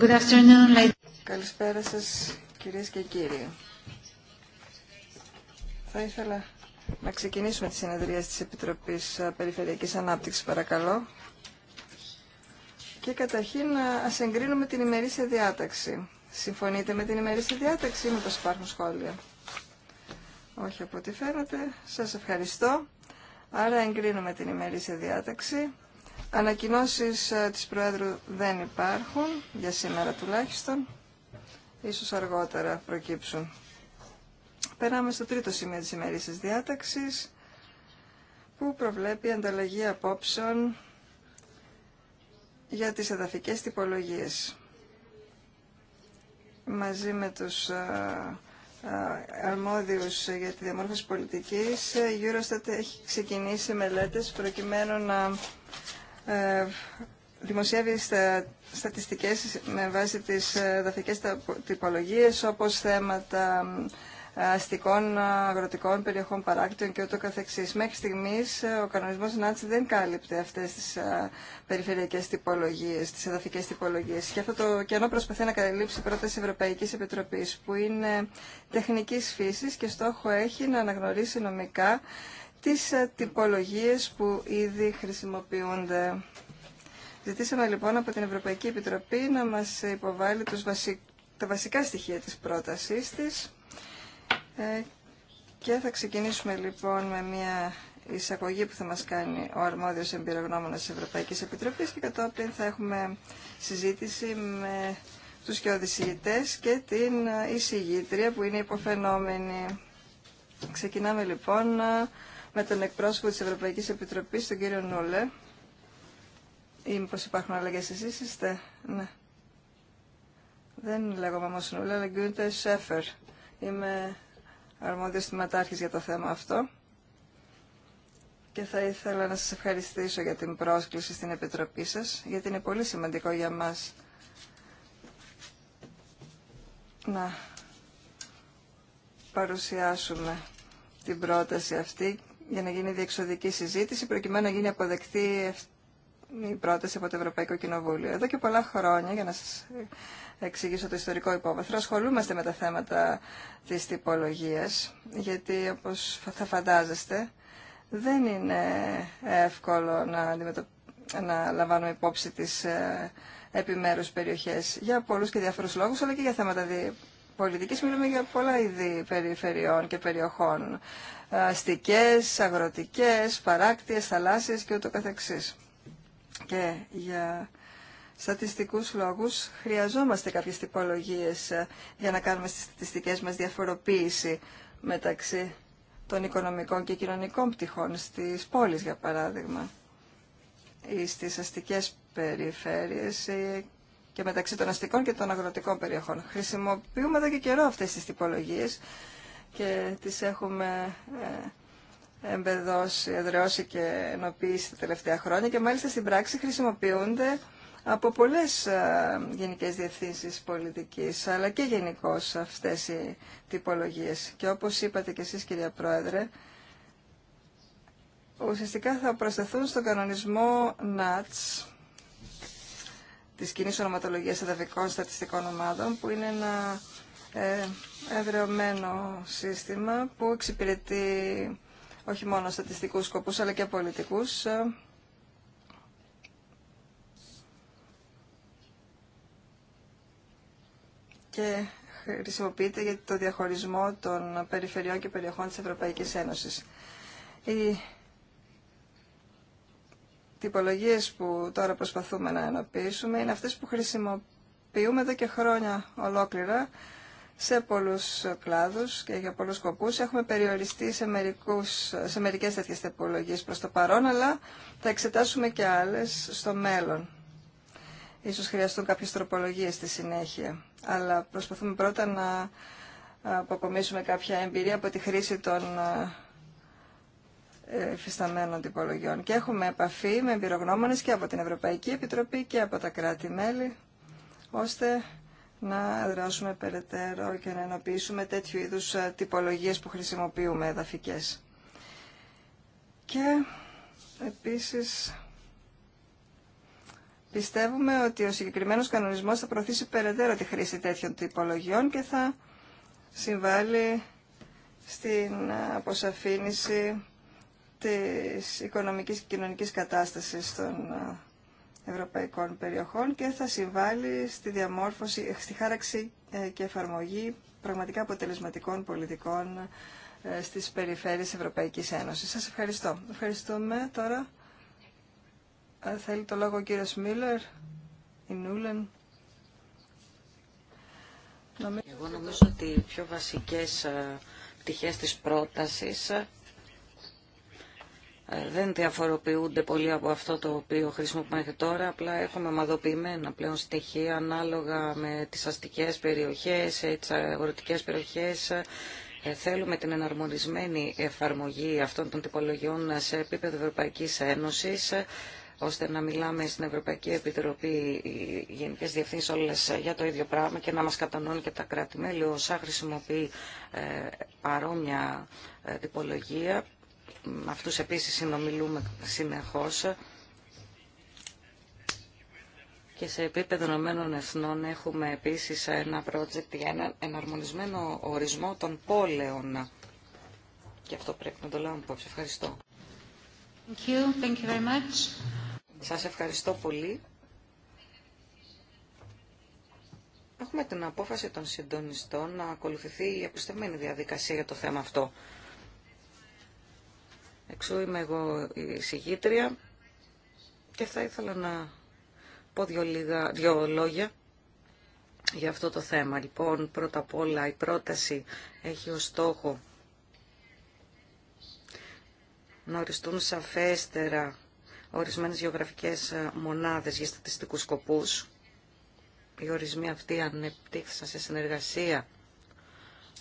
Good afternoon, ladies. Καλησπέρα σας κυρίες και κύριοι. Θα ήθελα να ξεκινήσουμε τη συνεδρία της Επιτροπής ε, Περιφερειακής Ανάπτυξης, παρακαλώ. Και καταρχήν ε, ας εγκρίνουμε την ημερήσια διάταξη. Συμφωνείτε με την ημερήσια διάταξη ή με το υπάρχουν σχόλια. Όχι από ό,τι φαίνεται. Σας ευχαριστώ. Άρα εγκρίνουμε την ημερήσια διάταξη. Ανακοινώσεις ε, της Προέδρου δεν υπάρχουν, για σήμερα τουλάχιστον. Ίσως αργότερα προκύψουν. Περάμε στο τρίτο σημείο της ημερήσης διάταξης, που προβλέπει ανταλλαγή απόψεων για τις εδαφικές τυπολογίες. Μαζί με τους ε, ε, αρμόδιους για τη διαμόρφωση πολιτικής, η Eurostat έχει ξεκινήσει μελέτες προκειμένου να ε, δημοσιεύει στα, στατιστικές με βάση τις ε, δαφικές τυπολογίες όπως θέματα ε, αστικών αγροτικών περιοχών παράκτων και ούτω καθεξής. Μέχρι στιγμής ο κανονισμός ΝΑΤΣ δεν κάλυπτε αυτές τις περιφερειακές τυπολογίες, τις εδαφικές τυπολογίες. Και αυτό το κενό προσπαθεί να καλύψει πρόταση Ευρωπαϊκής Επιτροπής που είναι τεχνικής φύσης και στόχο έχει να αναγνωρίσει νομικά τις ε, τυπολογίες που ήδη χρησιμοποιούνται. Ζητήσαμε λοιπόν από την Ευρωπαϊκή Επιτροπή να μας υποβάλει τους τα βασικά στοιχεία της πρότασής της ε, και θα ξεκινήσουμε λοιπόν με μια εισαγωγή που θα μας κάνει ο αρμόδιος εμπειρογνώμονας της Ευρωπαϊκής Επιτροπής και κατόπιν θα έχουμε συζήτηση με τους και και την εισηγήτρια που είναι υποφαινόμενη. Ξεκινάμε λοιπόν με τον εκπρόσωπο της Ευρωπαϊκής Επιτροπής, τον κύριο Νούλε. Ή μήπως υπάρχουν αλλαγές εσείς είστε. Ναι. Δεν λέγομαι όμως Νούλε, αλλά Γκούντε Σέφερ. Είμαι αρμόδιος θυματάρχης για το θέμα αυτό. Και θα ήθελα να σας ευχαριστήσω για την πρόσκληση στην Επιτροπή σας, γιατί είναι πολύ σημαντικό για μας να παρουσιάσουμε την πρόταση αυτή για να γίνει διεξοδική συζήτηση προκειμένου να γίνει αποδεκτή η πρόταση από το Ευρωπαϊκό Κοινοβούλιο. Εδώ και πολλά χρόνια, για να σας εξηγήσω το ιστορικό υπόβαθρο, ασχολούμαστε με τα θέματα της τυπολογίας, γιατί όπως θα φαντάζεστε δεν είναι εύκολο να, να λαμβάνουμε υπόψη τις ε, επιμέρους περιοχές για πολλούς και διάφορους λόγους, αλλά και για θέματα πολιτικής μιλούμε για πολλά είδη περιφερειών και περιοχών. Ε, αστικές, αγροτικές, παράκτιες, θαλάσσιες και ούτω καθεξής. Και για στατιστικούς λόγους χρειαζόμαστε κάποιες τυπολογίες ε, για να κάνουμε στις στατιστικές μας διαφοροποίηση μεταξύ των οικονομικών και κοινωνικών πτυχών στις πόλεις για παράδειγμα ή στις αστικές περιφέρειες και μεταξύ των αστικών και των αγροτικών περιοχών. Χρησιμοποιούμε εδώ και καιρό αυτές τις τυπολογίες και τις έχουμε ε, εμπεδώσει, εδραιώσει και ενοποιήσει τα τελευταία χρόνια και μάλιστα στην πράξη χρησιμοποιούνται από πολλές ε, γενικές διευθύνσεις πολιτικής, αλλά και γενικώ αυτές οι τυπολογίες. Και όπως είπατε και εσείς κυρία Πρόεδρε, ουσιαστικά θα προσθεθούν στον κανονισμό ΝΑΤΣ Τη κοινή ονοματολογία εδαφικών στατιστικών ομάδων, που είναι ένα ευρεωμένο σύστημα που εξυπηρετεί όχι μόνο στατιστικούς σκοπούς αλλά και πολιτικούς. Και χρησιμοποιείται για το διαχωρισμό των περιφερειών και περιοχών της Ευρωπαϊκής Ένωσης τυπολογίες που τώρα προσπαθούμε να ενοποιήσουμε είναι αυτές που χρησιμοποιούμε εδώ και χρόνια ολόκληρα σε πολλούς κλάδους και για πολλούς σκοπούς. Έχουμε περιοριστεί σε, μερικούς, σε μερικές τέτοιες τυπολογίες προς το παρόν, αλλά θα εξετάσουμε και άλλες στο μέλλον. Ίσως χρειαστούν κάποιες τροπολογίες στη συνέχεια, αλλά προσπαθούμε πρώτα να αποκομίσουμε κάποια εμπειρία από τη χρήση των ε, φυσταμένων τυπολογιών και έχουμε επαφή με εμπειρογνώμονε και από την Ευρωπαϊκή Επιτροπή και από τα κράτη-μέλη ώστε να δράσουμε περαιτέρω και να ενοποιήσουμε τέτοιου είδους ε, τυπολογίε που χρησιμοποιούμε εδαφικές. Και επίσης πιστεύουμε ότι ο συγκεκριμένος κανονισμός θα προωθήσει περαιτέρω τη χρήση τέτοιων τυπολογιών και θα συμβάλλει στην ε, αποσαφήνιση της οικονομικής και κοινωνικής κατάστασης των ε, ευρωπαϊκών περιοχών και θα συμβάλλει στη διαμόρφωση, ε, στη χάραξη ε, και εφαρμογή πραγματικά αποτελεσματικών πολιτικών στις περιφέρειες Ευρωπαϊκής Ένωσης. Σας ευχαριστώ. Ευχαριστούμε τώρα. Θέλει το λόγο ο κύριος Μίλλερ, η Νούλεν. Εγώ νομίζω ότι οι πιο βασικές πτυχές της πρότασης ε, δεν διαφοροποιούνται πολύ από αυτό το οποίο χρησιμοποιούμε και τώρα, απλά έχουμε ομαδοποιημένα πλέον στοιχεία ανάλογα με τις αστικές περιοχές, ε, τις αγροτικές περιοχές. Ε, θέλουμε την εναρμονισμένη εφαρμογή αυτών των τυπολογιών σε επίπεδο Ευρωπαϊκής Ένωσης, ώστε να μιλάμε στην Ευρωπαϊκή Επιτροπή οι γενικέ διευθύνσει όλες για το ίδιο πράγμα και να μα κατανοούν και τα κράτη-μέλη. ...όσα χρησιμοποιεί παρόμοια τυπολογία με αυτούς επίσης συνομιλούμε συνεχώς και σε επίπεδο Ηνωμένων Εθνών έχουμε επίσης ένα project για έναν εναρμονισμένο ορισμό των πόλεων. Και αυτό πρέπει να το λέω υπόψη. Ευχαριστώ. Thank you. Thank you very much. Σας ευχαριστώ πολύ. Έχουμε την απόφαση των συντονιστών να ακολουθηθεί η επιστευμένη διαδικασία για το θέμα αυτό. Εξού είμαι εγώ η συγγήτρια και θα ήθελα να πω δύο, λόγια για αυτό το θέμα. Λοιπόν, πρώτα απ' όλα η πρόταση έχει ως στόχο να οριστούν σαφέστερα ορισμένες γεωγραφικές ε, μονάδες για στατιστικούς σκοπούς. Οι ορισμοί αυτοί ανεπτύχθησαν σε συνεργασία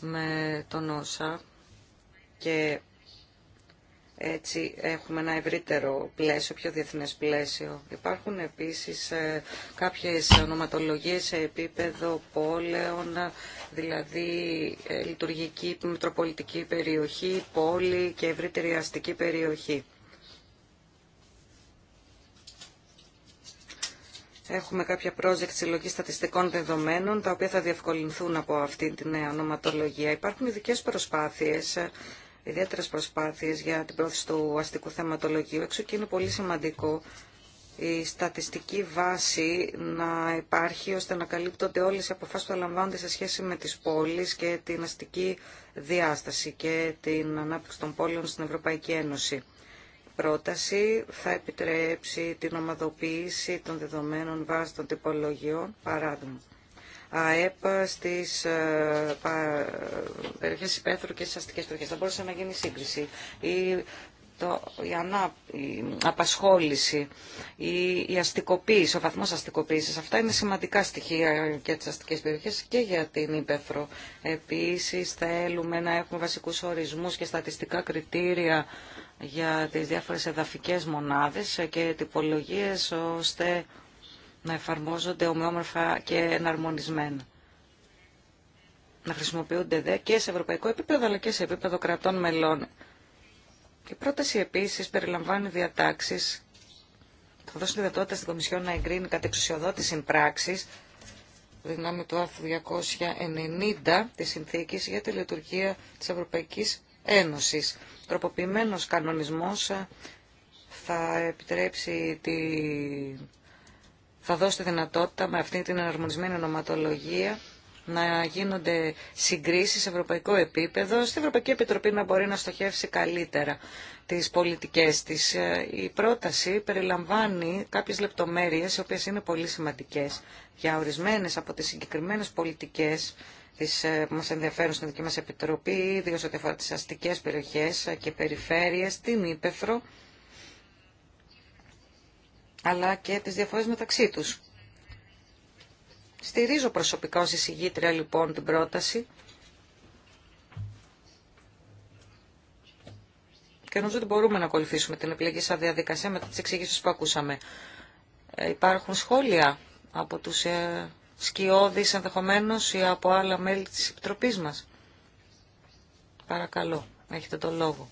με τον ΩΣΑ και έτσι έχουμε ένα ευρύτερο πλαίσιο, πιο διεθνές πλαίσιο. Υπάρχουν επίσης ε, κάποιες ονοματολογίες σε επίπεδο πόλεων, δηλαδή ε, λειτουργική μετροπολιτική περιοχή, πόλη και ευρύτερη αστική περιοχή. Έχουμε κάποια project συλλογή στατιστικών δεδομένων, τα οποία θα διευκολυνθούν από αυτή την νέα ε, ονοματολογία. Υπάρχουν ειδικέ προσπάθειες ιδιαίτερε προσπάθειε για την πρόθεση του αστικού θεματολογίου. Έξω και είναι πολύ σημαντικό η στατιστική βάση να υπάρχει ώστε να καλύπτονται όλες οι αποφάσεις που λαμβάνονται σε σχέση με τις πόλεις και την αστική διάσταση και την ανάπτυξη των πόλεων στην Ευρωπαϊκή Ένωση. Η πρόταση θα επιτρέψει την ομαδοποίηση των δεδομένων βάσει των τυπολογιών, παράδειγμα ΑΕΠ στις ε, περιοχές υπαίθρου και στις αστικές περιοχές. Θα μπορούσε να γίνει σύγκριση. Η, απασχόληση, η, η αστικοποίηση, ο βαθμός αστικοποίησης. Αυτά είναι σημαντικά στοιχεία για τις αστικές περιοχές και για την Ήπεθρο. Επίσης θέλουμε να έχουμε βασικούς ορισμούς και στατιστικά κριτήρια για τις διάφορες εδαφικές μονάδες και τυπολογίες ώστε να εφαρμόζονται ομοιόμορφα και εναρμονισμένα. Να χρησιμοποιούνται δε και σε ευρωπαϊκό επίπεδο αλλά και σε επίπεδο κρατών μελών. Και η πρόταση επίση περιλαμβάνει διατάξει. που θα δώσουν τη δυνατότητα στην Κομισιόν να εγκρίνει κατ' εξουσιοδότηση πράξης δυνάμει του άρθρου 290 τη συνθήκη για τη λειτουργία τη Ευρωπαϊκή Ένωση. Τροποποιημένο κανονισμό θα επιτρέψει τη θα δώσει τη δυνατότητα με αυτή την εναρμονισμένη ονοματολογία να γίνονται συγκρίσεις σε ευρωπαϊκό επίπεδο, στην Ευρωπαϊκή Επιτροπή να μπορεί να στοχεύσει καλύτερα τις πολιτικές της. Η πρόταση περιλαμβάνει κάποιες λεπτομέρειες, οι οποίες είναι πολύ σημαντικές για ορισμένες από τις συγκεκριμένες πολιτικές ε, που μας ενδιαφέρουν στην δική μας Επιτροπή, ιδίως ό,τι αφορά τις αστικές περιοχές και περιφέρειες, την Ήπεθρο, αλλά και τις διαφορές μεταξύ τους. Στηρίζω προσωπικά ως εισηγήτρια λοιπόν την πρόταση και νομίζω ότι μπορούμε να ακολουθήσουμε την επιλογή σαν διαδικασία μετά τις εξηγήσεις που ακούσαμε. Ε, υπάρχουν σχόλια από τους ε, σκιώδεις ενδεχομένως ή από άλλα μέλη της Επιτροπής μας. Παρακαλώ, έχετε τον λόγο.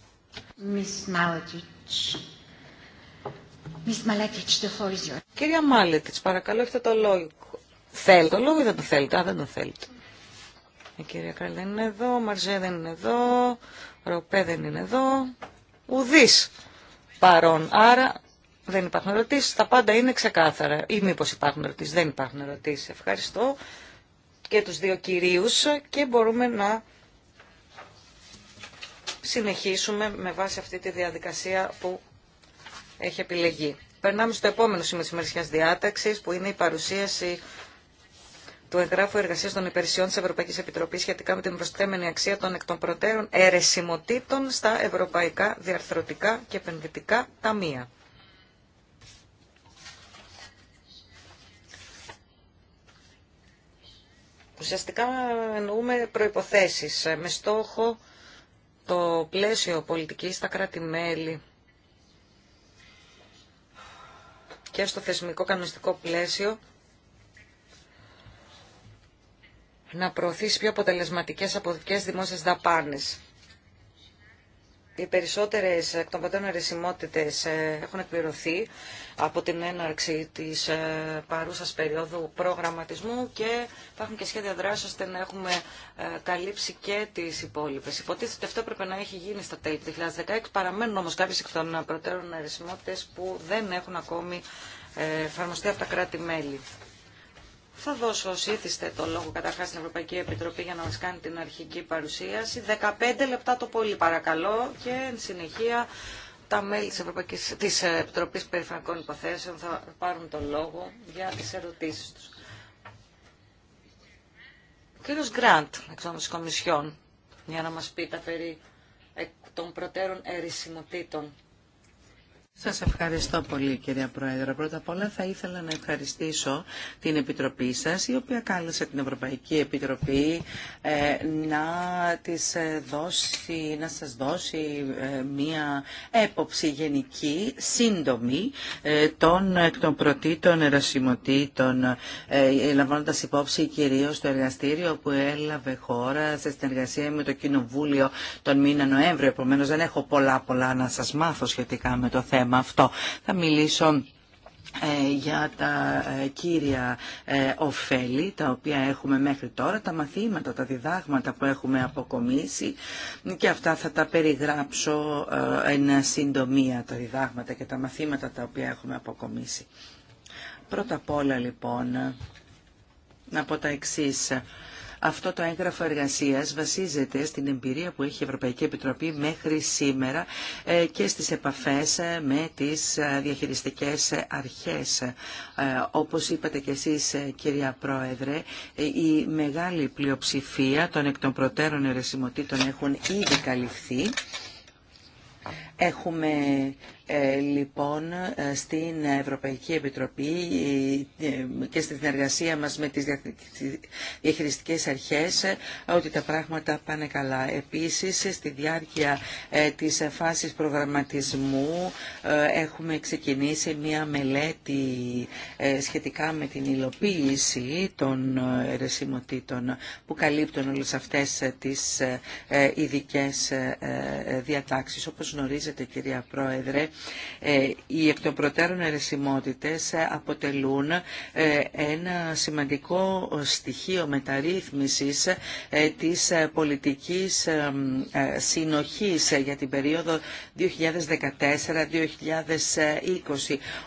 Κυρία Μάλετιτς, παρακαλώ, έχετε το λόγο. Θέλει το λόγο ή δεν το θέλετε. Α, δεν το θέλετε. Η κυρία Καλ δεν είναι εδώ, Μαρζέ δεν είναι εδώ, Ροπέ δεν είναι εδώ. Ουδής παρόν. Άρα δεν υπάρχουν ερωτήσει. Τα πάντα είναι ξεκάθαρα. Ή μήπω υπάρχουν ερωτήσει. Δεν υπάρχουν ερωτήσει. Ευχαριστώ και τους δύο κυρίους και μπορούμε να συνεχίσουμε με βάση αυτή τη διαδικασία που έχει επιλεγεί. Περνάμε στο επόμενο σημείο τη ημερησιά διάταξη, που είναι η παρουσίαση του εγγράφου εργασία των υπηρεσιών τη Ευρωπαϊκή Επιτροπή σχετικά με την προστέμενη αξία των εκ των προτέρων αιρεσιμοτήτων στα ευρωπαϊκά διαρθρωτικά και επενδυτικά ταμεία. Ουσιαστικά εννοούμε προϋποθέσεις ε, με στόχο το πλαίσιο πολιτικής στα κράτη-μέλη και στο θεσμικό κανονιστικό πλαίσιο να προωθήσει πιο αποτελεσματικές αποδοτικές δημόσιες δαπάνες. Οι περισσότερες εκ των πατέρων ε, έχουν εκπληρωθεί από την έναρξη της ε, παρούσας περίοδου προγραμματισμού και υπάρχουν και σχέδια δράση ώστε να έχουμε ε, καλύψει και τις υπόλοιπες. Υποτίθεται ότι αυτό έπρεπε να έχει γίνει στα τέλη του 2016, παραμένουν όμως κάποιες εκ των προτέρων αρεσιμότητες που δεν έχουν ακόμη εφαρμοστεί από τα κράτη-μέλη. Θα δώσω ως ήθιστε το λόγο καταρχά στην Ευρωπαϊκή Επιτροπή για να μας κάνει την αρχική παρουσίαση. 15 λεπτά το πολύ παρακαλώ και εν συνεχεία τα μέλη της, Ευρωπαϊκής, της Επιτροπής Υποθέσεων θα πάρουν το λόγο για τις ερωτήσεις τους. Ο κύριος Γκραντ, εξ Κομισιόν, για να μας πει τα περί των προτέρων ερησιμοτήτων σας ευχαριστώ πολύ κυρία Πρόεδρε. Πρώτα απ' όλα θα ήθελα να ευχαριστήσω την Επιτροπή σας, η οποία κάλεσε την Ευρωπαϊκή Επιτροπή ε, να, της ε, δώσει, να σας δώσει ε, μία έποψη γενική, σύντομη, των εκ των προτήτων ερασιμοτήτων, ε, λαμβάνοντας υπόψη κυρίως το εργαστήριο που έλαβε χώρα σε συνεργασία με το Κοινοβούλιο τον μήνα Νοέμβριο. Επομένως δεν έχω πολλά πολλά να σας μάθω σχετικά με το θέμα θέμα αυτό. Θα μιλήσω ε, για τα ε, κύρια ε, ωφέλη τα οποία έχουμε μέχρι τώρα, τα μαθήματα, τα διδάγματα που έχουμε αποκομίσει και αυτά θα τα περιγράψω εν συντομία, τα διδάγματα και τα μαθήματα τα οποία έχουμε αποκομίσει. Πρώτα απ' όλα λοιπόν, να πω τα εξής αυτό το έγγραφο εργασίας βασίζεται στην εμπειρία που έχει η Ευρωπαϊκή Επιτροπή μέχρι σήμερα ε, και στις επαφές ε, με τις ε, διαχειριστικές αρχές. Όπως είπατε κι εσείς κυρία Πρόεδρε, η μεγάλη πλειοψηφία των εκ των προτέρων ερεσιμοτήτων έχουν ήδη καλυφθεί. Έχουμε ε, λοιπόν, ε, στην Ευρωπαϊκή Επιτροπή ε, και στην εργασία μας με τις διαχειριστικές αρχές ότι τα πράγματα πάνε καλά. Επίσης, στη διάρκεια της φάσης προγραμματισμού έχουμε ξεκινήσει μία μελέτη σχετικά με την υλοποίηση των ερεσιμοτήτων που καλύπτουν όλες αυτές τις ειδικέ διατάξεις. Όπως γνωρίζετε, κυρία Πρόεδρε, ε, οι εκ των προτέρων αιρεσιμότητες ε, αποτελούν ε, ένα σημαντικό στοιχείο μεταρρύθμισης της πολιτικής συνοχής για την περίοδο 2014-2020.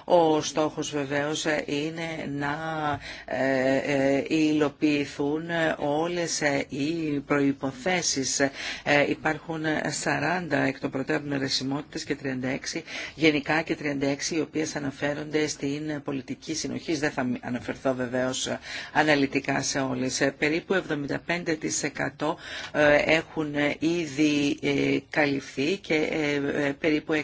Ο στόχος βεβαίως είναι να υλοποιηθούν όλες οι προϋποθέσεις. Υπάρχουν 40 εκ των προτέρων αιρεσιμότητες και 36 γενικά και 36 οι οποίες αναφέρονται στην πολιτική συνοχή. Δεν θα αναφερθώ βεβαίως ε, αναλυτικά σε όλες. Ε, περίπου 75% ε, έχουν ήδη καλυφθεί και περίπου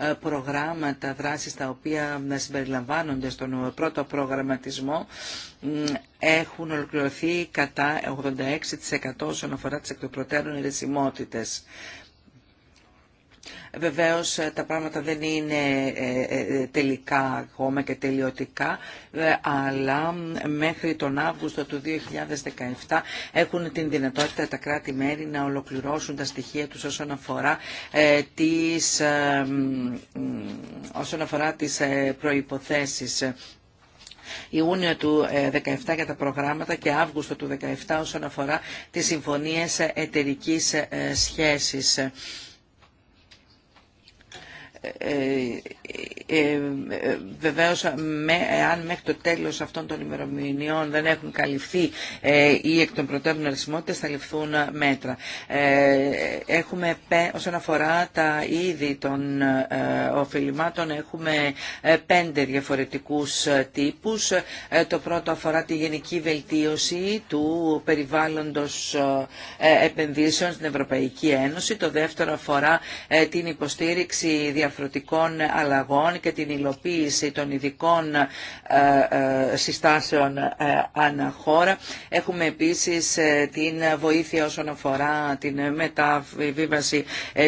100 προγράμματα δράσης τα οποία συμπεριλαμβάνονται στον πρώτο προγραμματισμό έχουν ολοκληρωθεί κατά 86% όσον αφορά τις εκ των ερεσιμότητες. Βεβαίως ε, τα πράγματα δεν είναι ε, ε, τελικά ακόμα και τελειωτικά, αλλά μέχρι τον Αύγουστο του 2017 έχουν την δυνατότητα τα κράτη-μέρη να ολοκληρώσουν τα στοιχεία τους όσον αφορά τις, όσον αφορά τις προϋποθέσεις. Ιούνιο του 2017 για τα προγράμματα και Αύγουστο του 2017 όσον αφορά τις συμφωνίες εταιρικής σχέσης. Ε, ε, ε, βεβαίως αν μέχρι το τέλος αυτών των ημερομηνιών δεν έχουν καλυφθεί ή εκ των προτέρων θα ληφθούν μέτρα. Έχουμε όσον αφορά τα είδη των οφειλημάτων έχουμε πέντε διαφορετικούς τύπους. Το πρώτο αφορά τη γενική βελτίωση του περιβάλλοντος επενδύσεων στην Ευρωπαϊκή Ένωση. Το δεύτερο αφορά την υποστήριξη διαφορετικών διαρθρωτικών αλλαγών και την υλοποίηση των ειδικών ε, ε, συστάσεων ε, αναχώρα. Έχουμε επίσης την βοήθεια όσον αφορά την μεταβίβαση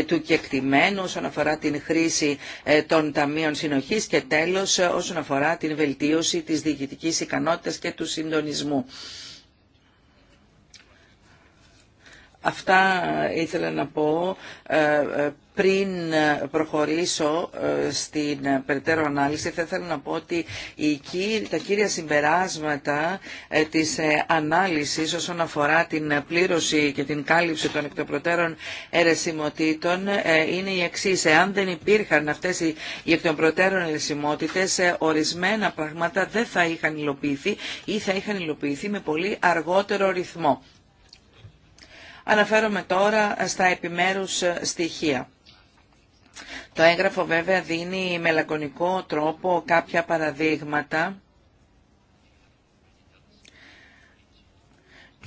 του κεκτημένου, όσον αφορά την χρήση των ταμείων συνοχής και τέλος όσον αφορά την βελτίωση της διοικητικής ικανότητας και του συντονισμού. Αυτά ήθελα να πω ε, ε, πριν προχωρήσω ε, στην περαιτέρω ανάλυση. Θα ήθελα να πω ότι τα κύρια συμπεράσματα της ανάλυσης όσον αφορά την πλήρωση και την κάλυψη των εκτοπροτέρων ερεσιμοτήτων είναι η εξή. Εάν δεν υπήρχαν αυτές οι εκτοπροτέρων ερεσιμότητες, ορισμένα πράγματα δεν θα είχαν υλοποιηθεί ή θα είχαν υλοποιηθεί με πολύ αργότερο ρυθμό. Αναφέρομαι τώρα στα επιμέρους ε, στοιχεία. Το έγγραφο βέβαια δίνει με λακωνικό τρόπο κάποια παραδείγματα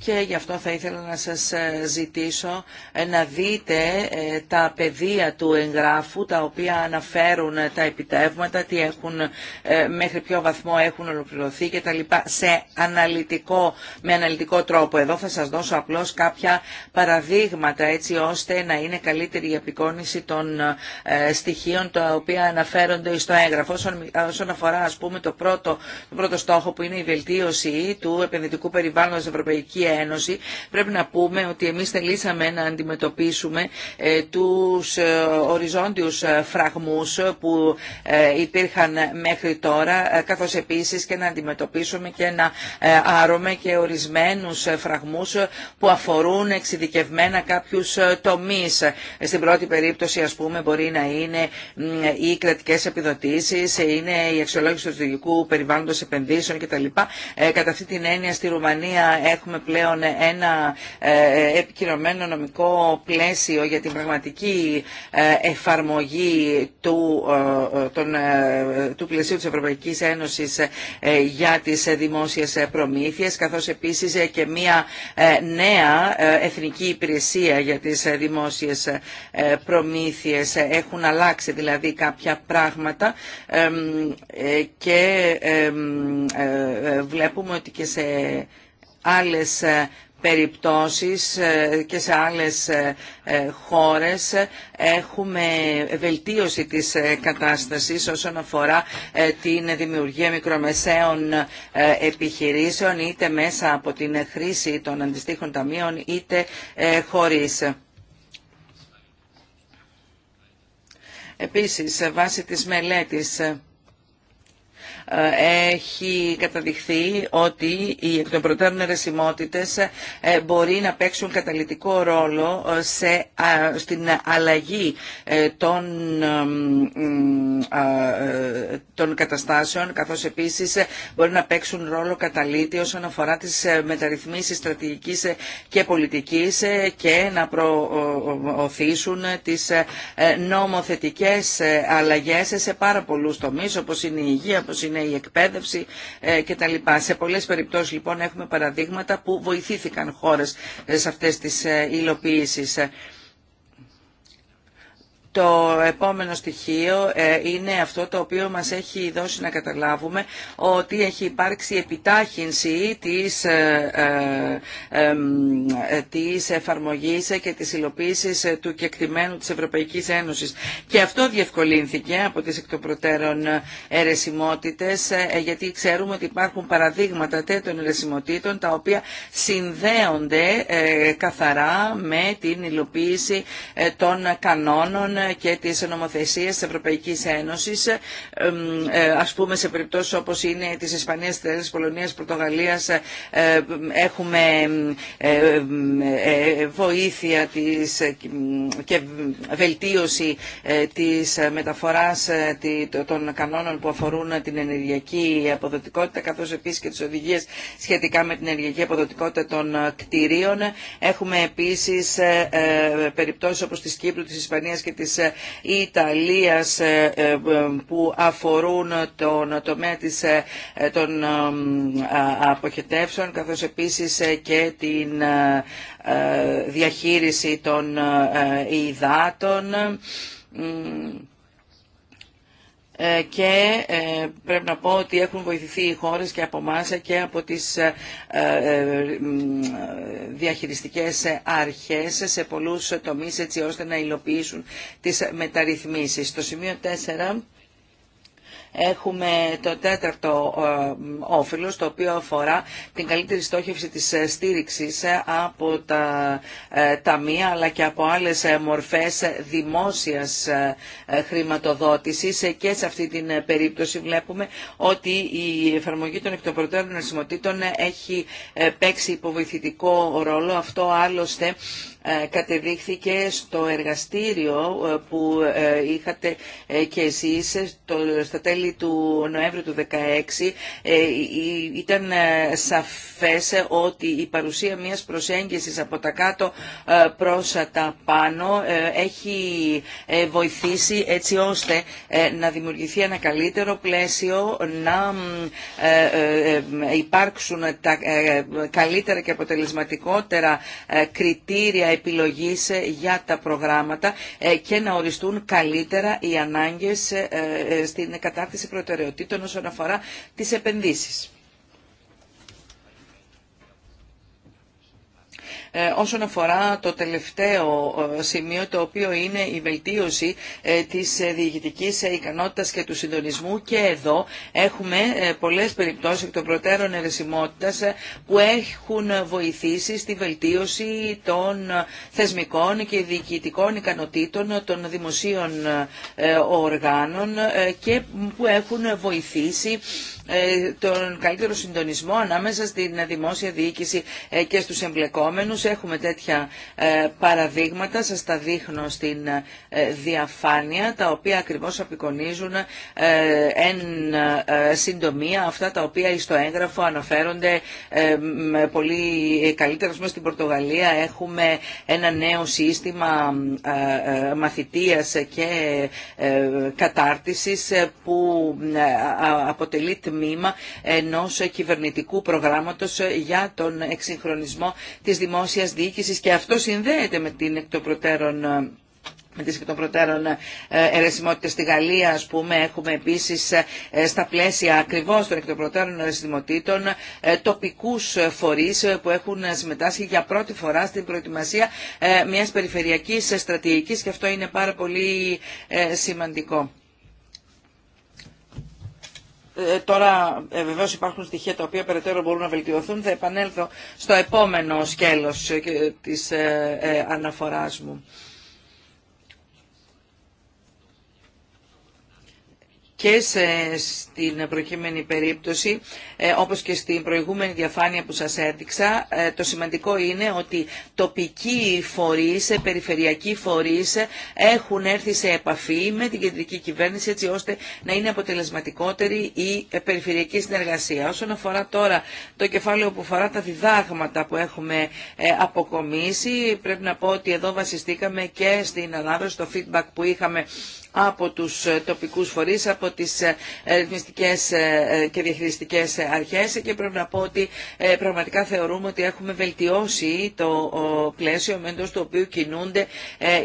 και γι' αυτό θα ήθελα να σας ε, ζητήσω ε, να δείτε ε, τα πεδία του εγγράφου τα οποία αναφέρουν τα επιτεύγματα, έχουν, μέχρι ποιο βαθμό έχουν ολοκληρωθεί και τα λοιπά σε αναλυτικό, με αναλυτικό τρόπο. Εδώ θα σας δώσω απλώς κάποια παραδείγματα έτσι ώστε να είναι καλύτερη η απεικόνηση των στοιχείων τα οποία αναφέρονται στο έγγραφο όσον, αφορά ας πούμε το πρώτο, το πρώτο στόχο που είναι η βελτίωση του επενδυτικού περιβάλλοντος Ευρωπαϊκή Ένωση, πρέπει να πούμε ότι εμείς θελήσαμε να αντιμετωπίσουμε ε, τους ε, οριζόντιους ε, φραγμούς που υπήρχαν μέχρι τώρα, καθώς επίσης και να αντιμετωπίσουμε και να άρωμε και ορισμένους φραγμούς που αφορούν εξειδικευμένα κάποιους τομείς. Στην πρώτη περίπτωση, ας πούμε, μπορεί να είναι οι κρατικές επιδοτήσεις, είναι η αξιολόγηση του περιβάλλοντος επενδύσεων κτλ. Κατά αυτή την έννοια στη Ρουμανία έχουμε ένα ε, επικυρωμένο νομικό πλαίσιο για την πραγματική ε, εφαρμογή του, ε, τον, του πλαισίου της Ευρωπαϊκής Ένωσης για τις δημόσιες προμήθειες, καθώς επίσης και μια νέα εθνική υπηρεσία για τις δημόσιες προμήθειες. Έχουν αλλάξει δηλαδή κάποια πράγματα και βλέπουμε ότι και σε άλλες ε, περιπτώσεις ε, και σε άλλες ε, χώρες έχουμε βελτίωση της κατάστασης όσον αφορά την δημιουργία μικρομεσαίων επιχειρήσεων είτε μέσα από την χρήση των αντιστοίχων ταμείων είτε χωρίς. Επίσης, βάση της μελέτης ε, έχει καταδειχθεί ότι οι εκ των προτέρων ε, μπορεί να παίξουν καταλητικό ρόλο ε, σε, στην αλλαγή των, των καταστάσεων, καθώς επίσης μπορεί να παίξουν ρόλο καταλήτη όσον αφορά τις μεταρρυθμίσεις στρατηγικής και πολιτικής και να προωθήσουν τις νομοθετικές αλλαγές σε πάρα πολλούς τομείς, όπως είναι η υγεία, όπως είναι είναι η εκπαίδευση ε, κτλ. Σε πολλές περιπτώσεις λοιπόν έχουμε παραδείγματα που βοηθήθηκαν χώρες ε, σε αυτές τις ε, υλοποιήσεις. Το επόμενο στοιχείο ε, είναι αυτό το οποίο μας έχει δώσει να καταλάβουμε ότι έχει υπάρξει επιτάχυνση της, ε, ε, ε, της εφαρμογής και της υλοποίησης του κεκτημένου της Ευρωπαϊκής Ένωσης. Και αυτό διευκολύνθηκε από τις εκ των προτέρων ερεσιμότητες γιατί ξέρουμε ότι υπάρχουν παραδείγματα τέτοιων ερεσιμοτήτων τα οποία συνδέονται καθαρά με την υλοποίηση των κανόνων και τις νομοθεσίες της Ευρωπαϊκής Ένωσης, ε, ας πούμε σε περιπτώσεις όπως είναι της Ισπανίας, της Πολωνίας, Πορτογαλίας, ε, έχουμε ε, βοήθεια της και βελτίωση της μεταφοράς των κανόνων που αφορούν την ενεργειακή αποδοτικότητα, καθώς επίσης και τις οδηγίες σχετικά με την ενεργειακή αποδοτικότητα των κτηρίων. Έχουμε επίσης περιπτώσεις όπως της Κύπρου, της Ισπανίας και της ε, Ιταλίας ε, ε, που αφορούν τον τομέα των αποχετεύσεων καθώς επίσης και την διαχείριση των υδάτων ε, και ε, πρέπει να πω ότι έχουν βοηθηθεί οι χώρες και από εμά και από τις ε, διαχειριστικές αρχές σε πολλούς τομείς έτσι ώστε να υλοποιήσουν τις μεταρρυθμίσεις. Στο σημείο έχουμε το τέταρτο ε, όφελο, το οποίο αφορά την καλύτερη στόχευση της ε, στήριξης ε, από τα ταμεία, αλλά και από άλλες μορφές δημόσιας χρηματοδότησης και σε αυτή την περίπτωση βλέπουμε ότι η εφαρμογή των εκτοπροτέρων αριθμοτήτων έχει παίξει υποβοηθητικό ρόλο. Αυτό άλλωστε ε, κατεδείχθηκε στο εργαστήριο ε, που ε, είχατε και εσείς στα τέλη του Νοέμβρη του 2016 ήταν σαφές ότι η παρουσία μιας προσέγγισης από τα κάτω προς τα πάνω έχει βοηθήσει έτσι ώστε να δημιουργηθεί ένα καλύτερο πλαίσιο, να υπάρξουν τα καλύτερα και αποτελεσματικότερα κριτήρια επιλογής ε, για τα προγράμματα ε, και να οριστούν καλύτερα οι ανάγκες ε, στην κατάρτιση προτεραιοτήτων όσον αφορά τις επενδύσεις. Ε, όσον αφορά το τελευταίο ε, σημείο το οποίο είναι η βελτίωση ε, της διοικητικής ικανότητας και του συντονισμού και εδώ έχουμε πολλές περιπτώσεις των προτέρων ερεσιμότητας που έχουν βοηθήσει στη βελτίωση των θεσμικών και διοικητικών ικανοτήτων των δημοσίων οργάνων και που έχουν βοηθήσει ε, τον καλύτερο συντονισμό ανάμεσα στην δημόσια διοίκηση ε, και στους εμπλεκόμενους. Έχουμε τέτοια ε, παραδείγματα, σας τα δείχνω στην διαφάνεια, τα οποία ακριβώς απεικονίζουν εν συντομία αυτά τα οποία στο έγγραφο αναφέρονται πολύ καλύτερα. Ας στην Πορτογαλία έχουμε ένα νέο σύστημα μαθητείας και κατάρτισης που αποτελεί τμήμα ενός κυβερνητικού προγράμματος για τον εξυγχρονισμό της δημόσιας διοίκησης και αυτό συνδέεται με την εκ των προτέρων με τις και ε, ερεσιμότητες στη Γαλλία, ας πούμε, έχουμε επίσης ε, στα πλαίσια ακριβώς των εκ των προτέρων ερεσιμοτήτων ε, τοπικούς φορείς που έχουν συμμετάσχει για πρώτη φορά στην προετοιμασία μιας περιφερειακής στρατηγικής και αυτό είναι πάρα πολύ σημαντικό. Ε, τώρα ε, βεβαίως υπάρχουν στοιχεία τα οποία περαιτέρω μπορούν να βελτιωθούν. Θα επανέλθω στο επόμενο σκέλος ε, της ε, ε, αναφοράς μου. και σε, στην προκείμενη περίπτωση, ε, όπως και στην προηγούμενη διαφάνεια που σας έδειξα, ε, το σημαντικό είναι ότι τοπικοί φορείς, ε, περιφερειακοί φορείς έχουν έρθει σε επαφή με την κεντρική κυβέρνηση έτσι ώστε να είναι αποτελεσματικότερη η περιφερειακή συνεργασία. Όσον αφορά τώρα το κεφάλαιο που αφορά τα διδάγματα που έχουμε αποκομίσει, πρέπει να πω ότι εδώ βασιστήκαμε και στην ανάδοση, στο feedback που είχαμε από τους ε, τοπικούς φορείς, από τις ε, ρυθμιστικές ε, και διαχειριστικές αρχές και πρέπει να πω ότι πραγματικά θεωρούμε ότι έχουμε βελτιώσει το πλαίσιο εντός του οποίου κινούνται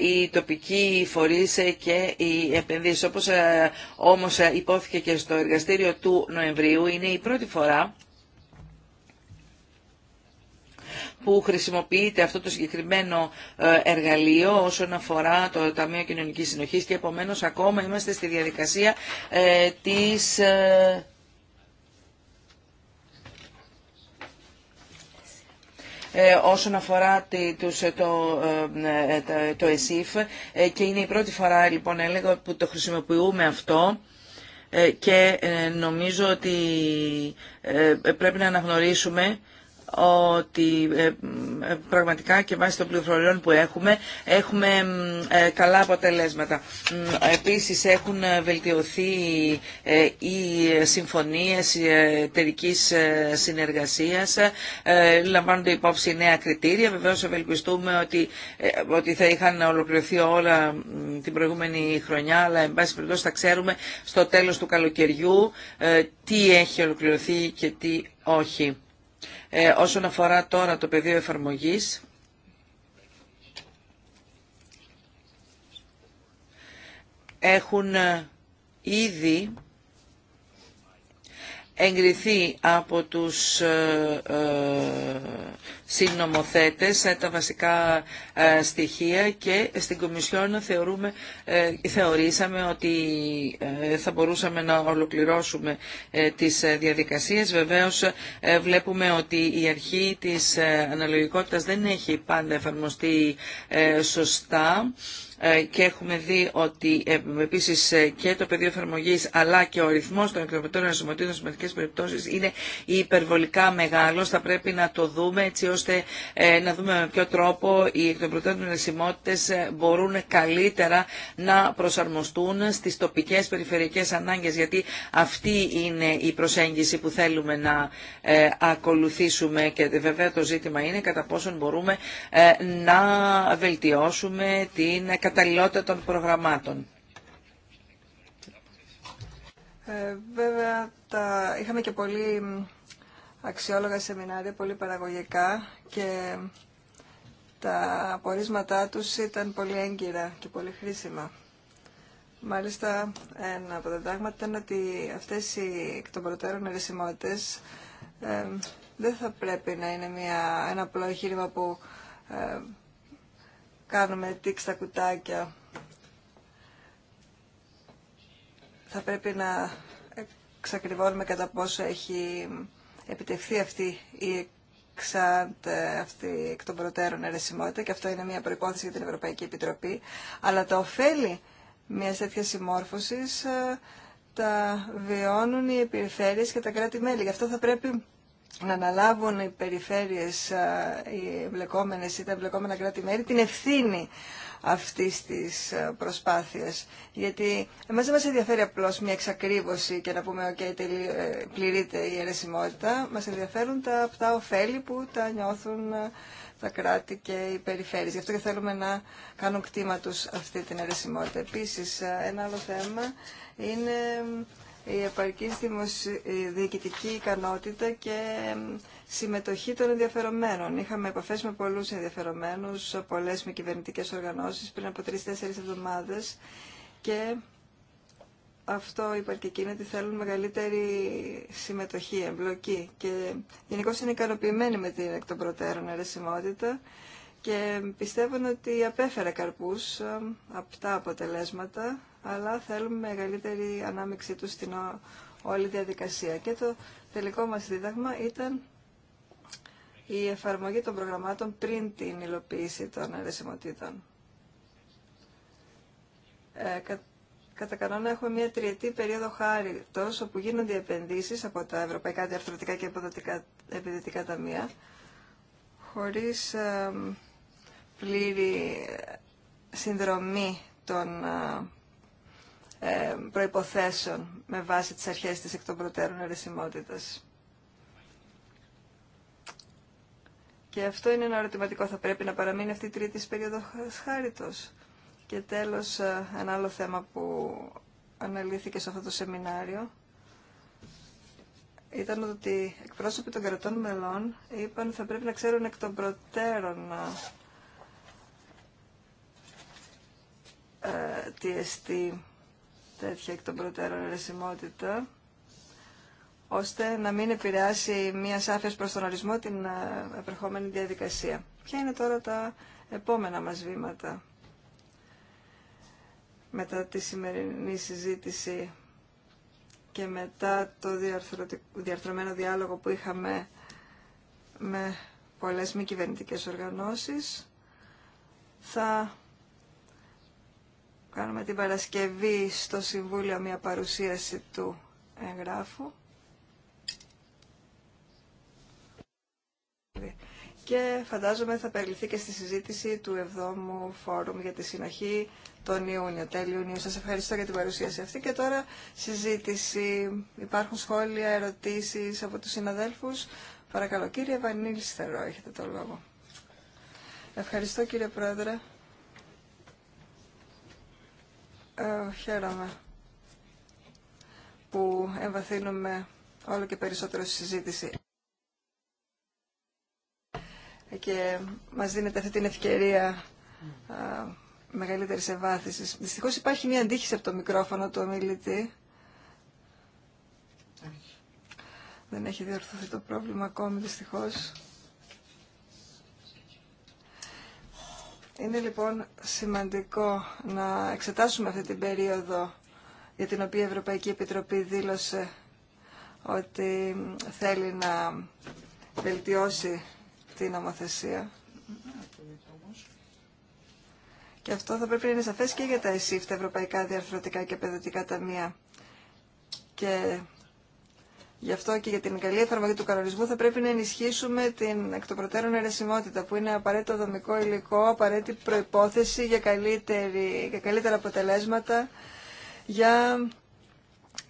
οι τοπικοί φορείς και οι επενδύσεις. Όπως όμως υπόθηκε και στο εργαστήριο του Νοεμβρίου, είναι η πρώτη φορά που χρησιμοποιείται αυτό το συγκεκριμένο ε, εργαλείο όσον αφορά το Ταμείο Κοινωνικής Συνοχής και επομένως ακόμα είμαστε στη διαδικασία ε, της ε, όσον αφορά το ΕΣΥΦ και είναι η πρώτη φορά λοιπόν έλεγα που το χρησιμοποιούμε αυτό και νομίζω ότι πρέπει να αναγνωρίσουμε ότι ε, ε, πραγματικά και βάσει των πληροφοριών που έχουμε, έχουμε ε, καλά αποτελέσματα. Επίσης έχουν βελτιωθεί οι συμφωνίες εταιρική συνεργασίας, λαμβάνονται υπόψη νέα κριτήρια. Βεβαίως ευελπιστούμε ότι, ότι θα είχαν ολοκληρωθεί όλα την προηγούμενη χρονιά, αλλά εν πάση περιπτώσει θα ξέρουμε στο τέλος του καλοκαιριού τι έχει ολοκληρωθεί και τι όχι. Ε, όσον αφορά τώρα το πεδίο εφαρμογής, έχουν ε, ήδη εγκριθεί από τους ε, ε, συνομοθέτες ε, τα βασικά στοιχεία και στην Κομισιόν θεωρούμε, θεωρήσαμε ότι θα μπορούσαμε να ολοκληρώσουμε τις διαδικασίες. Βεβαίως βλέπουμε ότι η αρχή της αναλογικότητας δεν έχει πάντα εφαρμοστεί σωστά ε, και έχουμε δει ότι ε, επίση ε, και το πεδίο εφαρμογή αλλά και ο αριθμό των εκδομητών ενσωματήτων σε μερικέ περιπτώσει είναι υπερβολικά μεγάλο. Θα πρέπει να το δούμε έτσι ώστε να δούμε με ποιο τρόπο οι εκδομητών ενσωματήτες μπορούν καλύτερα να προσαρμοστούν στι τοπικέ περιφερειακέ ανάγκε, γιατί αυτή είναι η προσέγγιση που θέλουμε να ακολουθήσουμε και βέβαια το ζήτημα είναι κατά πόσον μπορούμε να βελτιώσουμε την καταλληλότητα των προγραμμάτων. Ε, βέβαια, τα... είχαμε και πολύ αξιόλογα σεμινάρια, πολύ παραγωγικά και τα απορίσματά τους ήταν πολύ έγκυρα και πολύ χρήσιμα. Μάλιστα, ένα από τα πράγματα ήταν ότι αυτές οι εκ των προτέρων ε, δεν θα πρέπει να είναι μια, ένα απλό εγχείρημα που ε, κάνουμε τίξ τα κουτάκια. Θα πρέπει να εξακριβώνουμε κατά πόσο έχει επιτευχθεί αυτή η εξάντ, αυτή εκ των προτέρων αιρεσιμότητα και αυτό είναι μια προϋπόθεση για την Ευρωπαϊκή Επιτροπή. Αλλά τα ωφέλη μια τέτοια συμμόρφωσης ε, τα βιώνουν οι επιφέρειες και τα κράτη-μέλη. Γι' αυτό θα πρέπει να αναλάβουν οι περιφέρειες, οι εμπλεκόμενες ή τα εμπλεκόμενα κράτη-μέρη την ευθύνη αυτή της προσπάθειας. Γιατί εμάς δεν μας ενδιαφέρει απλώς μια εξακρίβωση και να πούμε ότι okay, ε, πληρείται η αιρεσιμότητα». Μας ενδιαφέρουν τα αυτά ωφέλη που τα νιώθουν τα κράτη και οι περιφέρειες. Γι' αυτό και θέλουμε να κάνουν κτήμα τους αυτή την αιρεσιμότητα. Επίσης, ένα άλλο θέμα είναι η επαρκής διοικητική ικανότητα και συμμετοχή των ενδιαφερομένων. Είχαμε επαφές με πολλούς ενδιαφερομένους, πολλές με κυβερνητικές οργανώσεις πριν από τρεις-τέσσερις εβδομάδες και αυτό είπα και εκείνοι ότι θέλουν μεγαλύτερη συμμετοχή, εμπλοκή και γενικώ είναι ικανοποιημένοι με την εκ των προτέρων αιρεσιμότητα και πιστεύουν ότι απέφερα καρπούς ε, από τα αποτελέσματα, αλλά θέλουμε μεγαλύτερη ανάμειξή του στην όλη διαδικασία. Και το τελικό μας δίδαγμα ήταν η εφαρμογή των προγραμμάτων πριν την υλοποίηση των αρεσιμοτήτων. Ε, κατά κανόνα έχουμε μια τριετή περίοδο χάρη τόσο που γίνονται επενδύσεις από τα Ευρωπαϊκά Διαρθρωτικά και Επιδετικά Ταμεία χωρίς ε, πλήρη συνδρομή των ε, ε, προϋποθέσεων με βάση τις αρχές της εκ των προτέρων Και αυτό είναι ένα ερωτηματικό. Θα πρέπει να παραμείνει αυτή η τρίτη περίοδο χάριτος. Και τέλος, ε, ένα άλλο θέμα που αναλύθηκε σε αυτό το σεμινάριο ήταν ότι εκπρόσωποι των κρατών μελών είπαν ότι θα πρέπει να ξέρουν εκ των προτέρων εστί τέτοια εκ των προτέρων ερεσιμότητα ώστε να μην επηρεάσει μία σάφιας προς τον ορισμό την ε, επερχόμενη διαδικασία. Ποια είναι τώρα τα επόμενα μας βήματα μετά τη σημερινή συζήτηση και μετά το διαρθρωμένο διάλογο που είχαμε με πολλές μη κυβερνητικές οργανώσεις θα κάνουμε την Παρασκευή στο Συμβούλιο μια παρουσίαση του εγγράφου. Και φαντάζομαι θα περιληφθεί και στη συζήτηση του 7ου Φόρουμ για τη Συνοχή τον Ιούνιο, Τέλειο Ιουνίου. Σας ευχαριστώ για την παρουσίαση αυτή και τώρα συζήτηση. Υπάρχουν σχόλια, ερωτήσεις από τους συναδέλφους. Παρακαλώ κύριε Βανίλη Στερό, έχετε το λόγο. Ευχαριστώ κύριε Πρόεδρε. Ε, χαίρομαι που εμβαθύνουμε όλο και περισσότερο στη συζήτηση και μας δίνεται αυτή την ευκαιρία α, ε, μεγαλύτερης ευάθυνσης. Δυστυχώς υπάρχει μια αντίχηση από το μικρόφωνο του ομιλητή. Δεν έχει διορθωθεί το πρόβλημα ακόμη δυστυχώς. Είναι λοιπόν σημαντικό να εξετάσουμε αυτή την περίοδο για την οποία η Ευρωπαϊκή Επιτροπή δήλωσε ότι θέλει να βελτιώσει την νομοθεσία. Και αυτό θα πρέπει να είναι σαφές και για τα ΕΣΥΦ, τα Ευρωπαϊκά Διαρθρωτικά και Παιδωτικά Ταμεία. Και Γι' αυτό και για την καλή εφαρμογή του κανονισμού θα πρέπει να ενισχύσουμε την εκ των προτέρων αιρεσιμότητα, που είναι απαραίτητο δομικό υλικό, απαραίτητη προϋπόθεση για, καλύτερη, για καλύτερα αποτελέσματα, για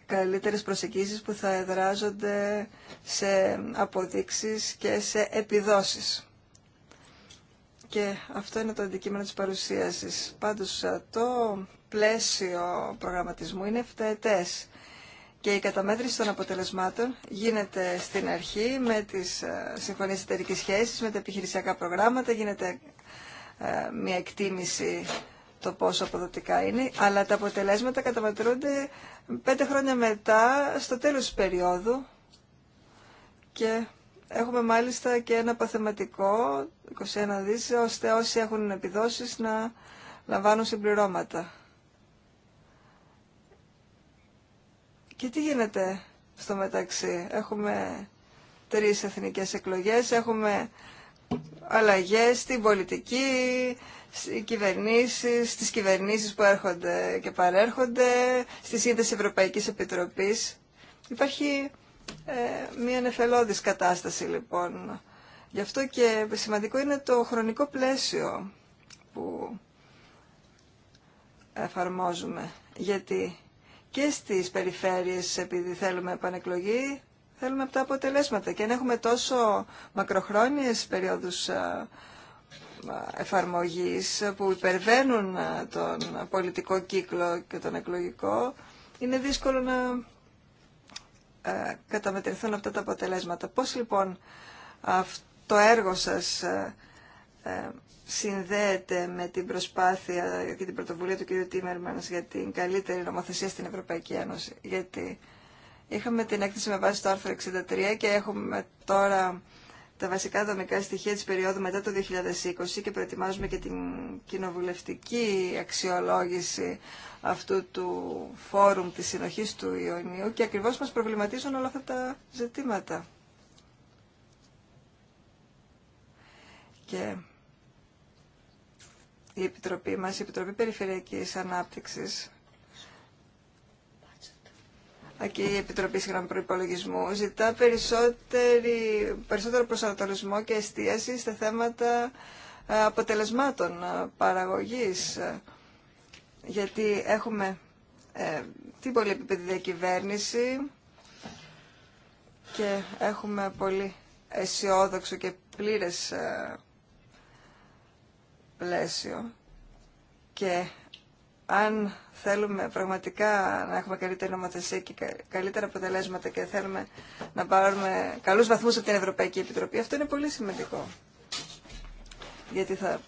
καλύτερες προσεγγίσεις που θα εδράζονται σε αποδείξεις και σε επιδόσεις. Και αυτό είναι το αντικείμενο της παρουσίασης. Πάντως το πλαίσιο προγραμματισμού είναι φταετές και η καταμέτρηση των αποτελεσμάτων γίνεται στην αρχή με τις ε, συμφωνίες εταιρικής σχέσης, με τα επιχειρησιακά προγράμματα, γίνεται ε, μια εκτίμηση το πόσο αποδοτικά είναι, αλλά τα αποτελέσματα καταμετρούνται πέντε χρόνια μετά, στο τέλος τη περίοδου και έχουμε μάλιστα και ένα παθεματικό, 21 δις, ώστε όσοι έχουν επιδόσεις να λαμβάνουν συμπληρώματα. Και τι γίνεται στο μεταξύ. Έχουμε τρεις εθνικές εκλογές, έχουμε αλλαγές στην πολιτική, στις κυβερνήσεις, στις κυβερνήσεις που έρχονται και παρέρχονται, στη σύνθεση Ευρωπαϊκής Επιτροπής. Υπάρχει ε, μια νεφελώδης κατάσταση λοιπόν. Γι' αυτό και σημαντικό είναι το χρονικό πλαίσιο που εφαρμόζουμε. Γιατί και στις περιφέρειες επειδή θέλουμε επανεκλογή, θέλουμε αυτά αποτελέσματα. Και αν έχουμε τόσο μακροχρόνιες περιόδους ε, ε, εφαρμογής που υπερβαίνουν ε, τον πολιτικό κύκλο και τον εκλογικό, είναι δύσκολο να καταμετρηθούν αυτά τα αποτελέσματα. Πώς λοιπόν αυτό το έργο σας συνδέεται με την προσπάθεια και την πρωτοβουλία του κ. Τίμερμανς για την καλύτερη νομοθεσία στην Ευρωπαϊκή Ένωση. Γιατί είχαμε την έκθεση με βάση το άρθρο 63 και έχουμε τώρα τα βασικά δομικά στοιχεία της περίοδου μετά το 2020 και προετοιμάζουμε και την κοινοβουλευτική αξιολόγηση αυτού του φόρουμ της συνοχής του Ιωνίου και ακριβώς μας προβληματίζουν όλα αυτά τα ζητήματα. Και η Επιτροπή μας, η Επιτροπή Περιφερειακής Ανάπτυξης και η Επιτροπή Συγγνώμη Προϋπολογισμού ζητά περισσότερη, περισσότερο προσανατολισμό και εστίαση στα θέματα ε, αποτελεσμάτων ε, παραγωγής γιατί έχουμε ε, την επίπεδη διακυβέρνηση και έχουμε πολύ αισιόδοξο και πλήρες ε, πλαίσιο και αν θέλουμε πραγματικά να έχουμε καλύτερη νομοθεσία και καλύτερα αποτελέσματα και θέλουμε να πάρουμε καλούς βαθμούς από την Ευρωπαϊκή Επιτροπή, αυτό είναι πολύ σημαντικό. Γιατί θα,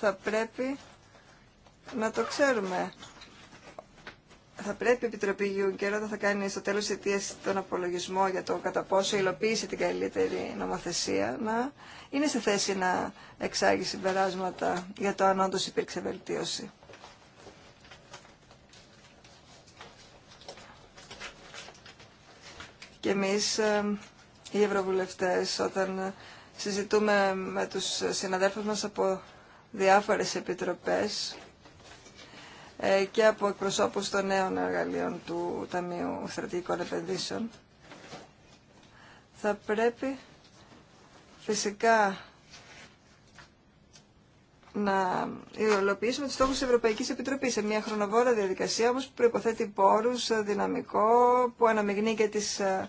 θα πρέπει να το ξέρουμε θα πρέπει η Επιτροπή Γιούγκερ όταν θα κάνει στο τέλος της τον απολογισμό για το κατά πόσο υλοποίησε την καλύτερη νομοθεσία να είναι σε θέση να εξάγει συμπεράσματα για το αν όντως υπήρξε βελτίωση. Και εμείς ε, οι Ευρωβουλευτές όταν συζητούμε με τους συναδέλφους μας από διάφορες επιτροπές ε, και από εκπροσώπους των νέων εργαλείων του Ταμείου Στρατηγικών Επενδύσεων. Θα πρέπει φυσικά να υλοποιήσουμε τους στόχους της Ευρωπαϊκής Επιτροπής σε μια χρονοβόρα διαδικασία όμως που προϋποθέτει πόρους, δυναμικό, που αναμειγνύει και τις ε,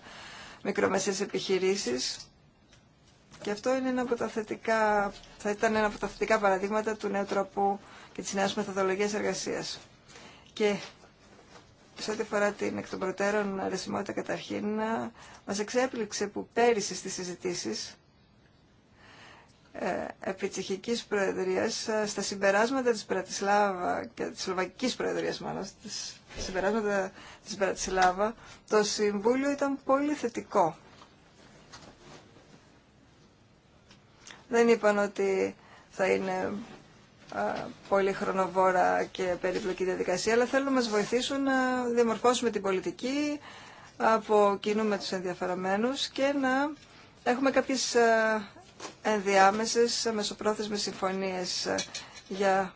μικρομεσαίες επιχειρήσεις. Και αυτό είναι ένα από θα ήταν ένα από τα θετικά παραδείγματα του νέου τρόπου και τις νέες μεθοδολογίες εργασίας. Και σε ό,τι αφορά την εκ των προτέρων αρεσιμότητα καταρχήν, μας εξέπληξε που πέρυσι στις συζητήσεις ε, επί τσεχικής προεδρίας ε, στα συμπεράσματα της Πρατισλάβα και της Σλοβακικής προεδρίας μάλλον στα συμπεράσματα της Πρατισλάβα το Συμβούλιο ήταν πολύ θετικό δεν είπαν ότι θα είναι πολύ χρονοβόρα και περιπλοκή διαδικασία, αλλά θέλουν να μας βοηθήσουν να διαμορφώσουμε την πολιτική από κοινού με τους ενδιαφερομένους και να έχουμε κάποιες ενδιάμεσες μεσοπρόθεσμες συμφωνίες για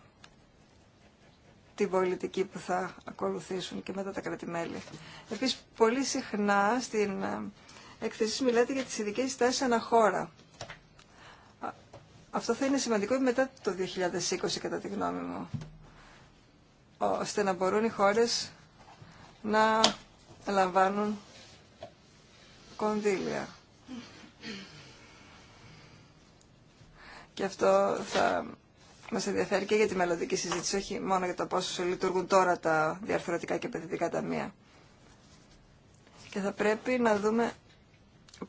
την πολιτική που θα ακολουθήσουν και μετά τα κρατημέλη. Επίσης, πολύ συχνά στην έκθεση μιλάτε για τις ειδικές στάσεις αναχώρα. Αυτό θα είναι σημαντικό μετά το 2020 κατά τη γνώμη μου, ώστε να μπορούν οι χώρες να λαμβάνουν κονδύλια. Και αυτό θα μας ενδιαφέρει και για τη μελλοντική συζήτηση, όχι μόνο για το πώς λειτουργούν τώρα τα διαρθρωτικά και επενδυτικά ταμεία. Και θα πρέπει να δούμε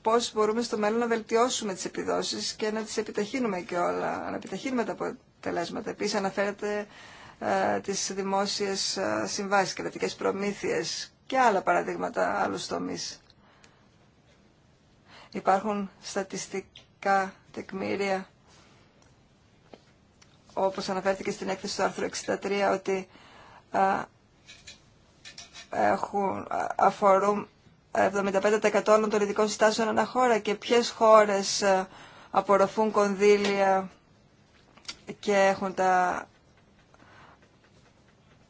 πώς μπορούμε στο μέλλον να βελτιώσουμε τις επιδόσεις και να τις επιταχύνουμε και όλα, να επιταχύνουμε τα αποτελέσματα. Επίσης αναφέρεται τι ε, τις δημόσιες ε, συμβάσεις, κρατικές και άλλα παραδείγματα άλλου τομεί. Υπάρχουν στατιστικά τεκμήρια, όπως αναφέρθηκε στην έκθεση του άρθρου 63, ότι ε, έχουν, αφορούν, 75% όλων των ειδικών συστάσεων ανά και ποιες χώρες ε, απορροφούν κονδύλια και έχουν τα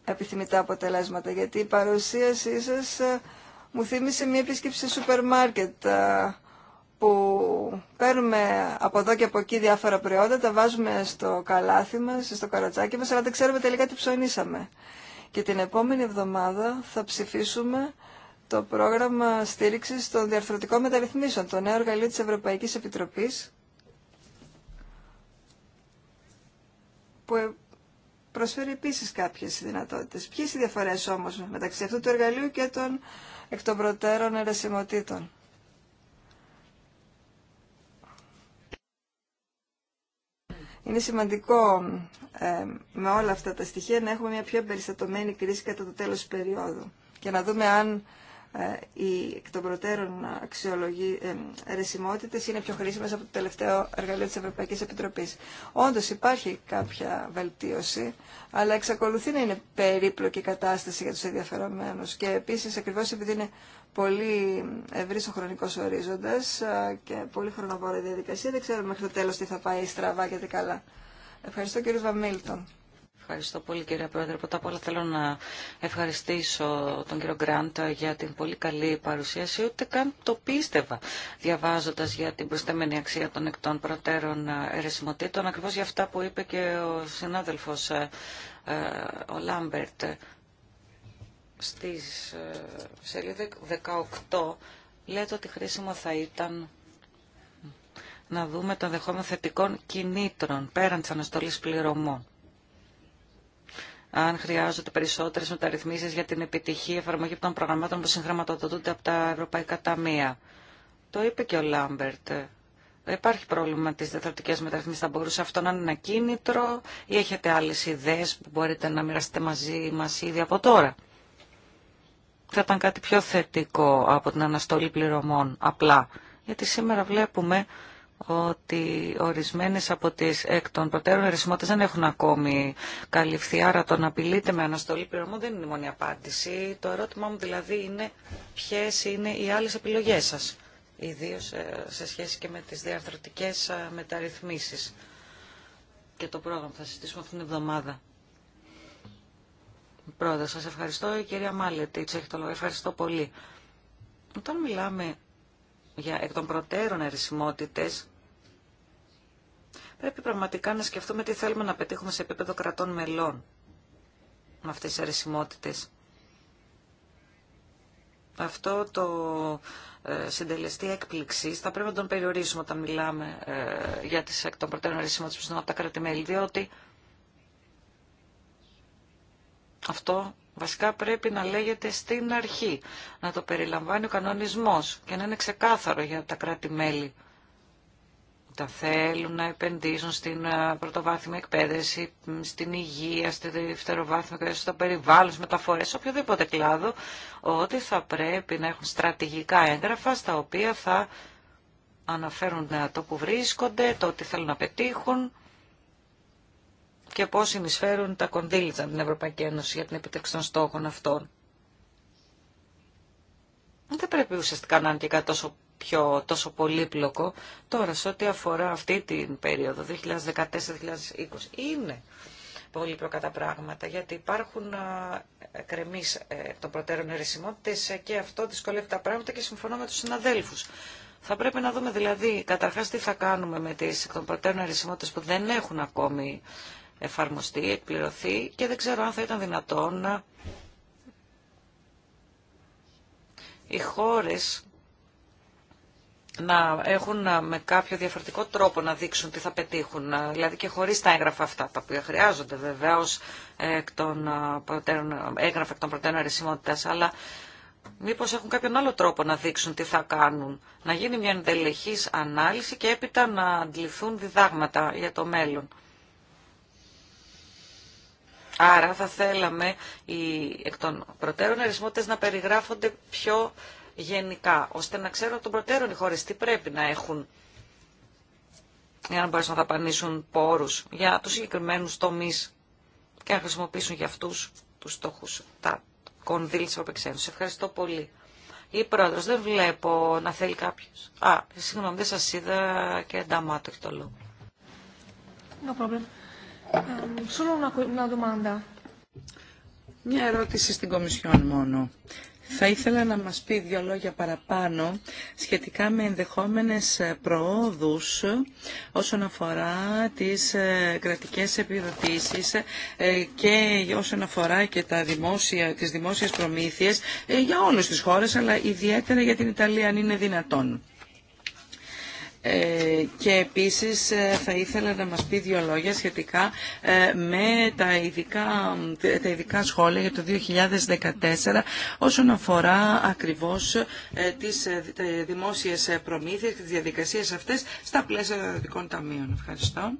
επιθυμητά αποτελέσματα. Γιατί η παρουσίασή σας ε, μου θύμισε μια επίσκεψη σε σούπερ μάρκετ ε, που παίρνουμε από εδώ και από εκεί διάφορα προϊόντα, τα βάζουμε στο καλάθι μας, στο καρατσάκι μας, αλλά δεν ξέρουμε τελικά τι ψωνίσαμε. Και την επόμενη εβδομάδα θα ψηφίσουμε το πρόγραμμα στήριξη των διαρθρωτικών μεταρρυθμίσεων, το νέο εργαλείο τη Ευρωπαϊκή Επιτροπή. που ε, προσφέρει επίσης κάποιες δυνατότητε. Ποιες οι διαφορέ όμω μεταξύ αυτού του εργαλείου και των εκ των προτέρων ερεσιμοτήτων. Είναι σημαντικό ε, με όλα αυτά τα στοιχεία να έχουμε μια πιο περιστατωμένη κρίση κατά το τέλος του περίοδου και να δούμε αν ε, οι εκ των προτέρων αξιολογή, ε, ρεσιμότητες είναι πιο χρήσιμες από το τελευταίο εργαλείο της Ευρωπαϊκής Επιτροπής. Όντως υπάρχει κάποια βελτίωση, αλλά εξακολουθεί να είναι περίπλοκη η κατάσταση για τους ενδιαφερομένους. Και επίσης, ακριβώς επειδή είναι πολύ ευρύς ο χρονικός ορίζοντας ε, και πολύ χρονοβόρο η διαδικασία, δεν ξέρουμε μέχρι το τέλος τι θα πάει στραβά και τι καλά. Ευχαριστώ κύριε Βαμίλτον. Ευχαριστώ πολύ κύριε Πρόεδρε. Πρώτα απ' όλα θέλω να ευχαριστήσω τον κύριο Γκράντ για την πολύ καλή παρουσίαση. Ούτε καν το πίστευα διαβάζοντα για την προσθέμενη αξία των εκ προτέρων αιρεσιμοτήτων. Ακριβώ για αυτά που είπε και ο συνάδελφο ε, ε, ο Λάμπερτ. Στη ε, σελίδα 18 λέτε ότι χρήσιμο θα ήταν να δούμε το δεχόμενο θετικών κινήτρων πέραν της αναστολής πληρωμών αν χρειάζονται περισσότερες μεταρρυθμίσεις για την επιτυχή εφαρμογή των προγραμμάτων που συγχρηματοδοτούνται από τα ευρωπαϊκά ταμεία. Το είπε και ο Λάμπερτ. Υπάρχει πρόβλημα με τις διαθροτικές μεταρρυθμίσεις. Θα μπορούσε αυτό να είναι ένα κίνητρο ή έχετε άλλες ιδέες που μπορείτε να μοιραστείτε μαζί μας ήδη από τώρα. Θα ήταν κάτι πιο θετικό από την αναστολή πληρωμών απλά. Γιατί σήμερα βλέπουμε ότι ορισμένες από τις εκ των προτέρων ερεσιμότητες δεν έχουν ακόμη καλυφθεί, άρα το να απειλείται με αναστολή πληρωμού δεν είναι η μόνη απάντηση. Το ερώτημά μου δηλαδή είναι ποιες είναι οι άλλες επιλογές σας, ιδίως ε, σε σχέση και με τις διαρθρωτικές ε, μεταρρυθμίσεις και το πρόγραμμα που θα συζητήσουμε αυτήν την εβδομάδα. Πρόεδρο, σας ευχαριστώ η κυρία έτσι έχει το λόγο. Ευχαριστώ πολύ. Όταν μιλάμε για εκ των προτέρων αρισιμότητες, Πρέπει πραγματικά να σκεφτούμε τι θέλουμε να πετύχουμε σε επίπεδο κρατών μελών με αυτές τις αρεσιμότητες. Αυτό το ε, συντελεστή έκπληξη θα πρέπει να τον περιορίσουμε όταν μιλάμε ε, για τις εκ των προτέρων αρεσιμότητες που από τα κράτη-μέλη, διότι αυτό βασικά πρέπει να λέγεται στην αρχή, να το περιλαμβάνει ο κανονισμός και να είναι ξεκάθαρο για τα κράτη-μέλη τα θέλουν να επενδύσουν στην ε, πρωτοβάθμια εκπαίδευση, στην υγεία, στη δευτεροβάθμια εκπαίδευση, στο περιβάλλον, στις μεταφορές, σε οποιοδήποτε κλάδο, ότι θα πρέπει να έχουν στρατηγικά έγγραφα στα οποία θα αναφέρουν ε, το που βρίσκονται, το ότι θέλουν να πετύχουν και πώς συνεισφέρουν τα κονδύλια την Ευρωπαϊκή Ένωση για την επιτεύξη των στόχων αυτών. Δεν πρέπει ουσιαστικά να είναι και κάτι πιο τόσο πολύπλοκο. Τώρα, σε ό,τι αφορά αυτή την περίοδο, 2014-2020, είναι πολύπλοκα τα πράγματα, γιατί υπάρχουν κρεμεί ε, των προτέρων ερεσιμότητες ε, και αυτό δυσκολεύει τα πράγματα και συμφωνώ με τους συναδέλφους. Θα πρέπει να δούμε δηλαδή καταρχάς τι θα κάνουμε με τις των προτέρων αρισιμότητες που δεν έχουν ακόμη εφαρμοστεί, εκπληρωθεί και δεν ξέρω αν θα ήταν δυνατόν οι χώρες να έχουν με κάποιο διαφορετικό τρόπο να δείξουν τι θα πετύχουν, δηλαδή και χωρίς τα έγγραφα αυτά, τα οποία χρειάζονται βεβαίως ε, εκ προτέρων, έγγραφα εκ των προτέρων αρισιμότητας, αλλά μήπως έχουν κάποιον άλλο τρόπο να δείξουν τι θα κάνουν, να γίνει μια εντελεχής ανάλυση και έπειτα να αντιληφθούν διδάγματα για το μέλλον. Άρα θα θέλαμε οι εκ των προτέρων αρισιμότητες να περιγράφονται πιο γενικά, ώστε να ξέρουν από τον προτέρων οι χώρες τι πρέπει να έχουν για να μπορέσουν να δαπανίσουν πόρους για τους συγκεκριμένους τομείς και να χρησιμοποιήσουν για αυτούς τους στόχους, τα κονδύλια της Ευρωπαϊκής Ευχαριστώ πολύ. Η πρόεδρος, δεν βλέπω να θέλει κάποιος. Α, συγγνώμη, δεν σας είδα και νταμάτο έχει το λόγο. No problem. Um, solo una, una Μια ερώτηση στην Κομισιόν μόνο. Θα ήθελα να μας πει δύο λόγια παραπάνω σχετικά με ενδεχόμενες προόδους όσον αφορά τις ε, κρατικές επιδοτήσεις ε, και όσον αφορά και τα δημόσια, τις δημόσιες προμήθειες ε, για όλες τις χώρες αλλά ιδιαίτερα για την Ιταλία αν είναι δυνατόν. Ε, και επίσης ε, θα ήθελα να μας πει δύο λόγια σχετικά ε, με τα ειδικά, τα ειδικά σχόλια για το 2014 όσον αφορά ακριβώς τις δημόσιες προμήθειες και τις διαδικασίες αυτές στα πλαίσια των δικών ταμείων. Ευχαριστώ.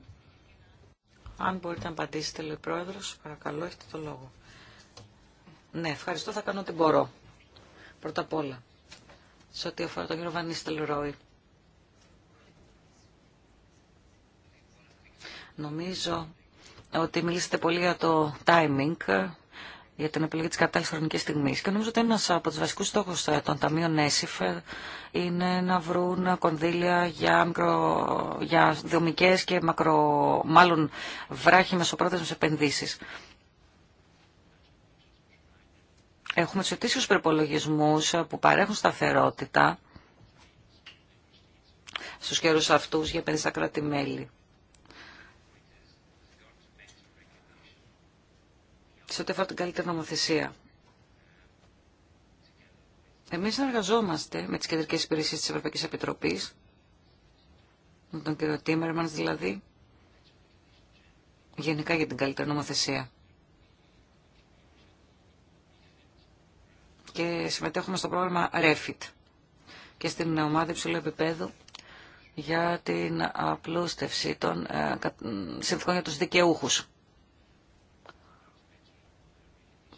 Αν μπορείτε να απαντήσετε, λέει πρόεδρος, παρακαλώ, έχετε το λόγο. Ναι, ευχαριστώ, θα κάνω ό,τι μπορώ. Πρώτα απ' όλα, σε ό,τι αφορά τον κύριο Βανίστελ Ρόι Νομίζω ότι μιλήσατε πολύ για το timing, για την επιλογή της κατάλληλης χρονικής στιγμής. Και νομίζω ότι ένας από τους βασικούς στόχους ε, των ταμείων ΕΣΥΦ ε, είναι να βρουν κονδύλια για, μικρο, για δομικές και μακρο, μάλλον βράχοι μεσοπρόθεσμες επενδύσεις. Έχουμε τους ετήσιους προπολογισμούς ε, που παρέχουν σταθερότητα στους καιρούς αυτούς για επενδύσεις στα κράτη-μέλη. σε ό,τι την καλύτερη νομοθεσία. Εμείς συνεργαζόμαστε με τις κεντρικές υπηρεσίες της Ευρωπαϊκής Επιτροπής, με τον κύριο Τίμερμανς δηλαδή, γενικά για την καλύτερη νομοθεσία. Και συμμετέχουμε στο πρόγραμμα REFIT και στην ομάδα υψηλού επίπεδου για την απλούστευση των ε, συνθηκών για τους δικαιούχους.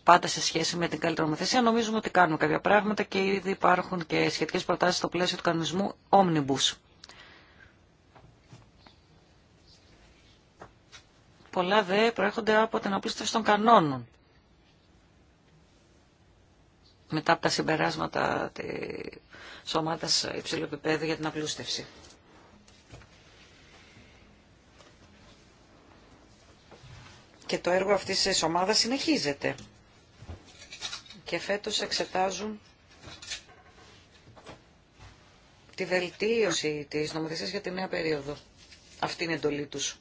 πάντα σε σχέση με την καλύτερη νομοθεσία. Νομίζουμε ότι κάνουμε κάποια πράγματα και ήδη υπάρχουν και σχετικέ προτάσεις στο πλαίσιο του κανονισμού Omnibus. Πολλά δε προέρχονται από την απλούστευση των κανόνων. Μετά από τα συμπεράσματα τη ομάδας υψηλού επίπεδου για την απλούστευση. Και το έργο αυτής της ομάδας συνεχίζεται και φέτος εξετάζουν τη βελτίωση της νομοθεσίας για τη νέα περίοδο. Αυτή είναι η εντολή τους.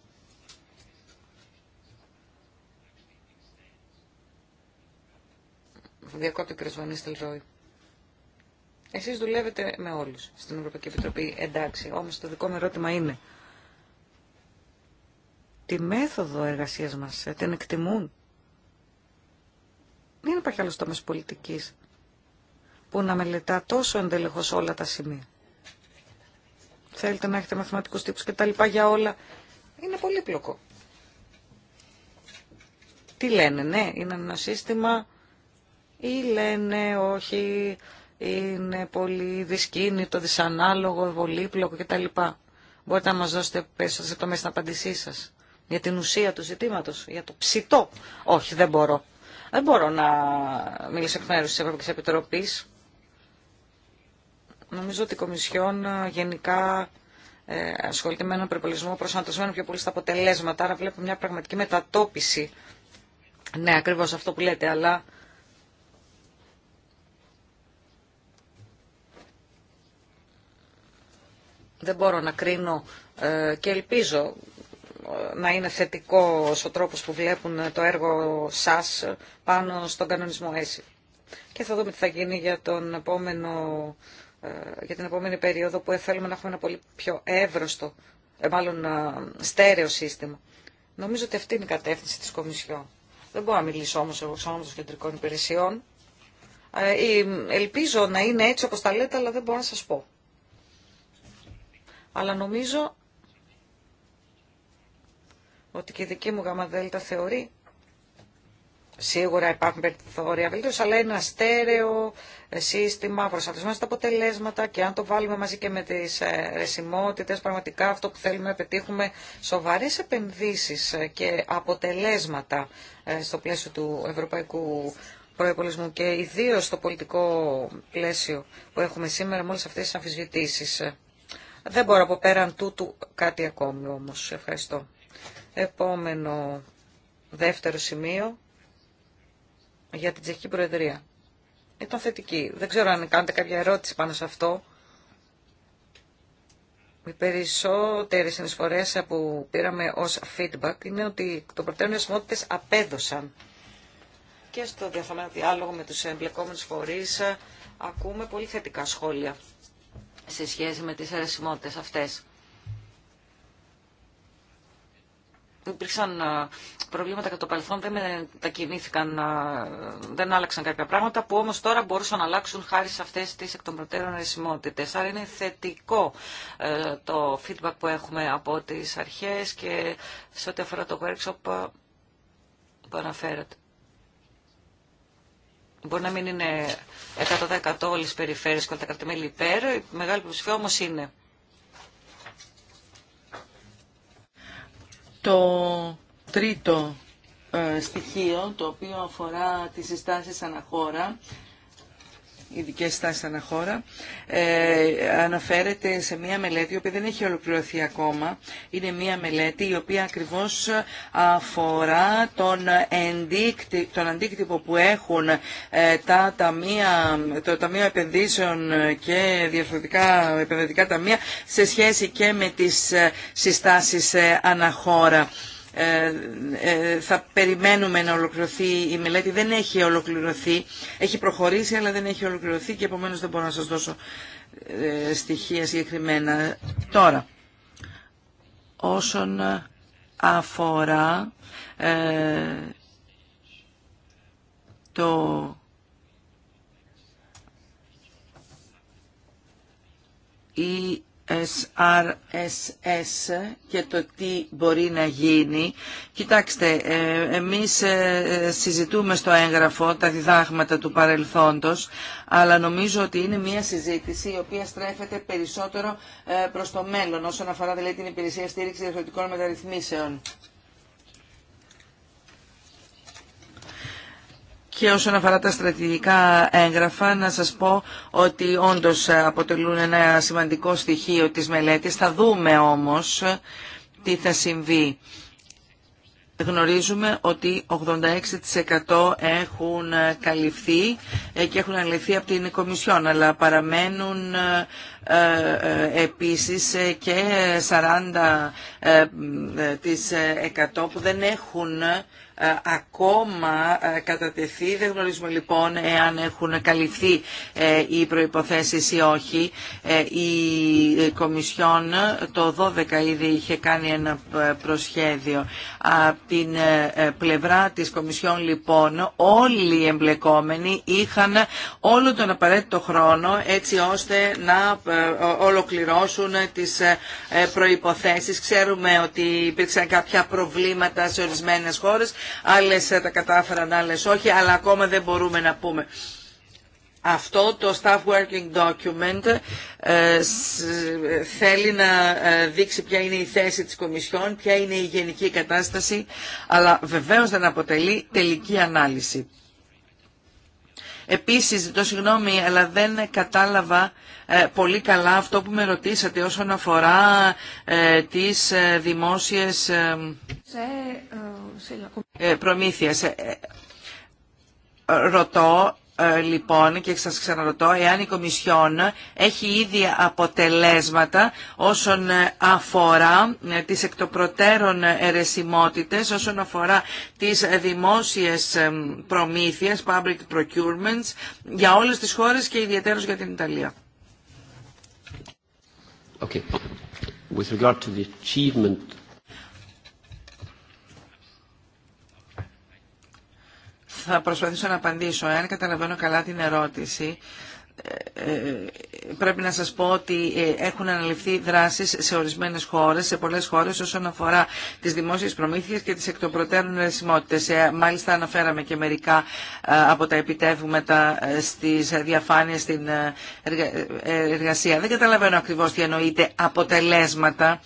Διακόπτει ο κ. Βανίστελ Ρόι. Εσείς δουλεύετε με όλους στην Ευρωπαϊκή Επιτροπή, εντάξει. Όμως το δικό μου ερώτημα είναι, τη μέθοδο εργασίας μας ε, την εκτιμούν δεν υπάρχει άλλος τομέα πολιτική που να μελετά τόσο εντελεχώ όλα τα σημεία. Θέλετε να έχετε μαθηματικούς τύπους και τα λοιπά για όλα. Είναι πολύπλοκο. Τι λένε, ναι, είναι ένα σύστημα ή λένε όχι, είναι πολύ δυσκίνητο, δυσανάλογο, πολύπλοκο κτλ. Μπορείτε να μας δώσετε το μέσα στην απάντησή σας για την ουσία του ζητήματος, για το ψητό. Όχι, δεν μπορώ. Δεν μπορώ να μιλήσω εκ μέρους της Ευρωπαϊκής Επιτροπής. Νομίζω ότι η Κομισιόν ε, γενικά ε, ασχολείται με έναν περιπολισμό προσανατολισμένο πιο πολύ στα αποτελέσματα, άρα βλέπω μια πραγματική μετατόπιση. Ναι, ακριβώς αυτό που λέτε, αλλά... Δεν μπορώ να κρίνω ε, και ελπίζω να είναι θετικό ο τρόπος που βλέπουν το έργο σας πάνω στον κανονισμό ΕΣΥ. Και θα δούμε τι θα γίνει για, τον επόμενο, ε, για την επόμενη περίοδο που θέλουμε να έχουμε ένα πολύ πιο εύρωστο, ε, μάλλον ε, στέρεο σύστημα. Νομίζω ότι αυτή είναι η κατεύθυνση της Κομισιόν. Δεν μπορώ να μιλήσω όμως εγώ σαν των κεντρικών υπηρεσιών. ελπίζω να είναι έτσι όπως τα λέτε, αλλά δεν μπορώ να σας πω. Αλλά νομίζω ότι και η δική μου γαμαδέλτα θεωρεί Σίγουρα υπάρχουν περιθώρια βελτίωση, αλλά είναι ένα στέρεο ε, σύστημα προσαρτησμένο στα αποτελέσματα και αν το βάλουμε μαζί και με τι ε, ρεσιμότητε, πραγματικά αυτό που θέλουμε να πετύχουμε, σοβαρέ επενδύσει ε, και αποτελέσματα στο πλαίσιο του ευρωπαϊκού προπολογισμού και ιδίω στο πολιτικό πλαίσιο που έχουμε σήμερα με όλε αυτέ τι αμφισβητήσει. Δεν μπορώ από πέραν τούτου κάτι ακόμη όμω. Ευχαριστώ. Επόμενο δεύτερο σημείο για την Τσεχική Προεδρία. Ήταν θετική. Δεν ξέρω αν κάνετε κάποια ερώτηση πάνω σε αυτό. Οι περισσότερε συνεισφορέ που πήραμε ω feedback είναι ότι το προτέρων οι απέδωσαν. Και στο διαφανή διάλογο με του εμπλεκόμενου φορεί ε, ακούμε πολύ θετικά σχόλια σε σχέση με τι αιρεσιμότητε αυτές. υπήρξαν ε, προβλήματα κατά το παρελθόν, δεν μετακινήθηκαν, ε, δεν άλλαξαν κάποια πράγματα που όμως τώρα μπορούσαν να αλλάξουν χάρη σε αυτές τις εκ των προτέρων ρεσιμότητες. Άρα είναι θετικό ε, το feedback που έχουμε από τις αρχές και σε ό,τι αφορά το workshop που αναφέρατε. Μπορεί να μην είναι 100% όλες τις περιφέρειες και όλα τα κρατημέλη υπέρ, η μεγάλη πλειοψηφία όμως είναι. Το τρίτο ε, στοιχείο, το οποίο αφορά τις συστάσεις αναχώρα, ειδικέ τάσει αναχώρα, ε, αναφέρεται σε μία μελέτη, η οποία δεν έχει ολοκληρωθεί ακόμα. Είναι μία μελέτη η οποία ακριβώς αφορά τον, τον αντίκτυπο που έχουν ε, τα ταμεία, το Ταμείο Επενδύσεων και διαφορετικά επενδυτικά ταμεία σε σχέση και με τις ε, συστάσεις ε, αναχώρα. Ε, ε, θα περιμένουμε να ολοκληρωθεί η μελέτη. Δεν έχει ολοκληρωθεί. Έχει προχωρήσει αλλά δεν έχει ολοκληρωθεί και επομένως δεν μπορώ να σας δώσω ε, στοιχεία συγκεκριμένα. Τώρα, όσον αφορά το... Η SRSS και το τι μπορεί να γίνει. Κοιτάξτε, ε, εμείς ε, συζητούμε στο έγγραφο τα διδάγματα του παρελθόντος, αλλά νομίζω ότι είναι μια συζήτηση η οποία στρέφεται περισσότερο ε, προς το μέλλον όσον αφορά δηλαδή, την υπηρεσία στήριξη διαφορετικών μεταρρυθμίσεων. Και όσον αφορά τα στρατηγικά έγγραφα, να σας πω ότι όντως αποτελούν ένα σημαντικό στοιχείο της μελέτης. Θα δούμε όμως τι θα συμβεί. Γνωρίζουμε ότι 86% έχουν καλυφθεί ε, και έχουν αλληλεθεί από την Κομισιόν, αλλά παραμένουν ε, ε, ε, επίσης ε, και 40% που δεν έχουν ακόμα κατατεθεί. Δεν γνωρίζουμε λοιπόν εάν έχουν καλυφθεί οι προϋποθέσεις ή όχι. Η Κομισιόν το 12 ήδη είχε κάνει ένα προσχέδιο. Από την πλευρά της Κομισιόν λοιπόν όλοι οι εμπλεκόμενοι είχαν όλο τον απαραίτητο χρόνο έτσι ώστε να ε, ολοκληρώσουν τις ε, ε, προϋποθέσεις. Ξέρουμε ότι υπήρξαν κάποια προβλήματα σε ορισμένες χώρες, άλλες τα κατάφεραν, άλλες όχι, αλλά ακόμα δεν μπορούμε να πούμε. Αυτό το Staff Working Document θέλει να δείξει ποια είναι η θέση της Κομισιόν, ποια είναι η γενική κατάσταση, αλλά βεβαίως δεν αποτελεί τελική ανάλυση. Επίσης, ζητώ συγγνώμη, αλλά δεν κατάλαβα ε, πολύ καλά αυτό που με ρωτήσατε όσον αφορά τις δημόσιες προμήθειες. Ρωτώ ε, λοιπόν και σας ξαναρωτώ εάν η Κομισιόν έχει ήδη αποτελέσματα όσον ε, αφορά ε, τις εκτοπροτέρων ερεσιμότητες, όσον αφορά τις δημόσιες προμήθειες, public procurements, για όλες τις χώρες και ιδιαίτερα για την Ιταλία. to Θα προσπαθήσω να απαντήσω. Εάν καταλαβαίνω καλά την ερώτηση, ε, ε, πρέπει να σας πω ότι ε, έχουν αναλυφθεί δράσεις σε ορισμένες χώρες, σε πολλές χώρες όσον αφορά τις δημόσιες προμήθειες και τις εκ των προτέρων Μάλιστα αναφέραμε και μερικά από τα επιτεύγματα στις διαφάνειες στην εργασία. Δεν καταλαβαίνω ακριβώς τι εννοείται αποτελέσματα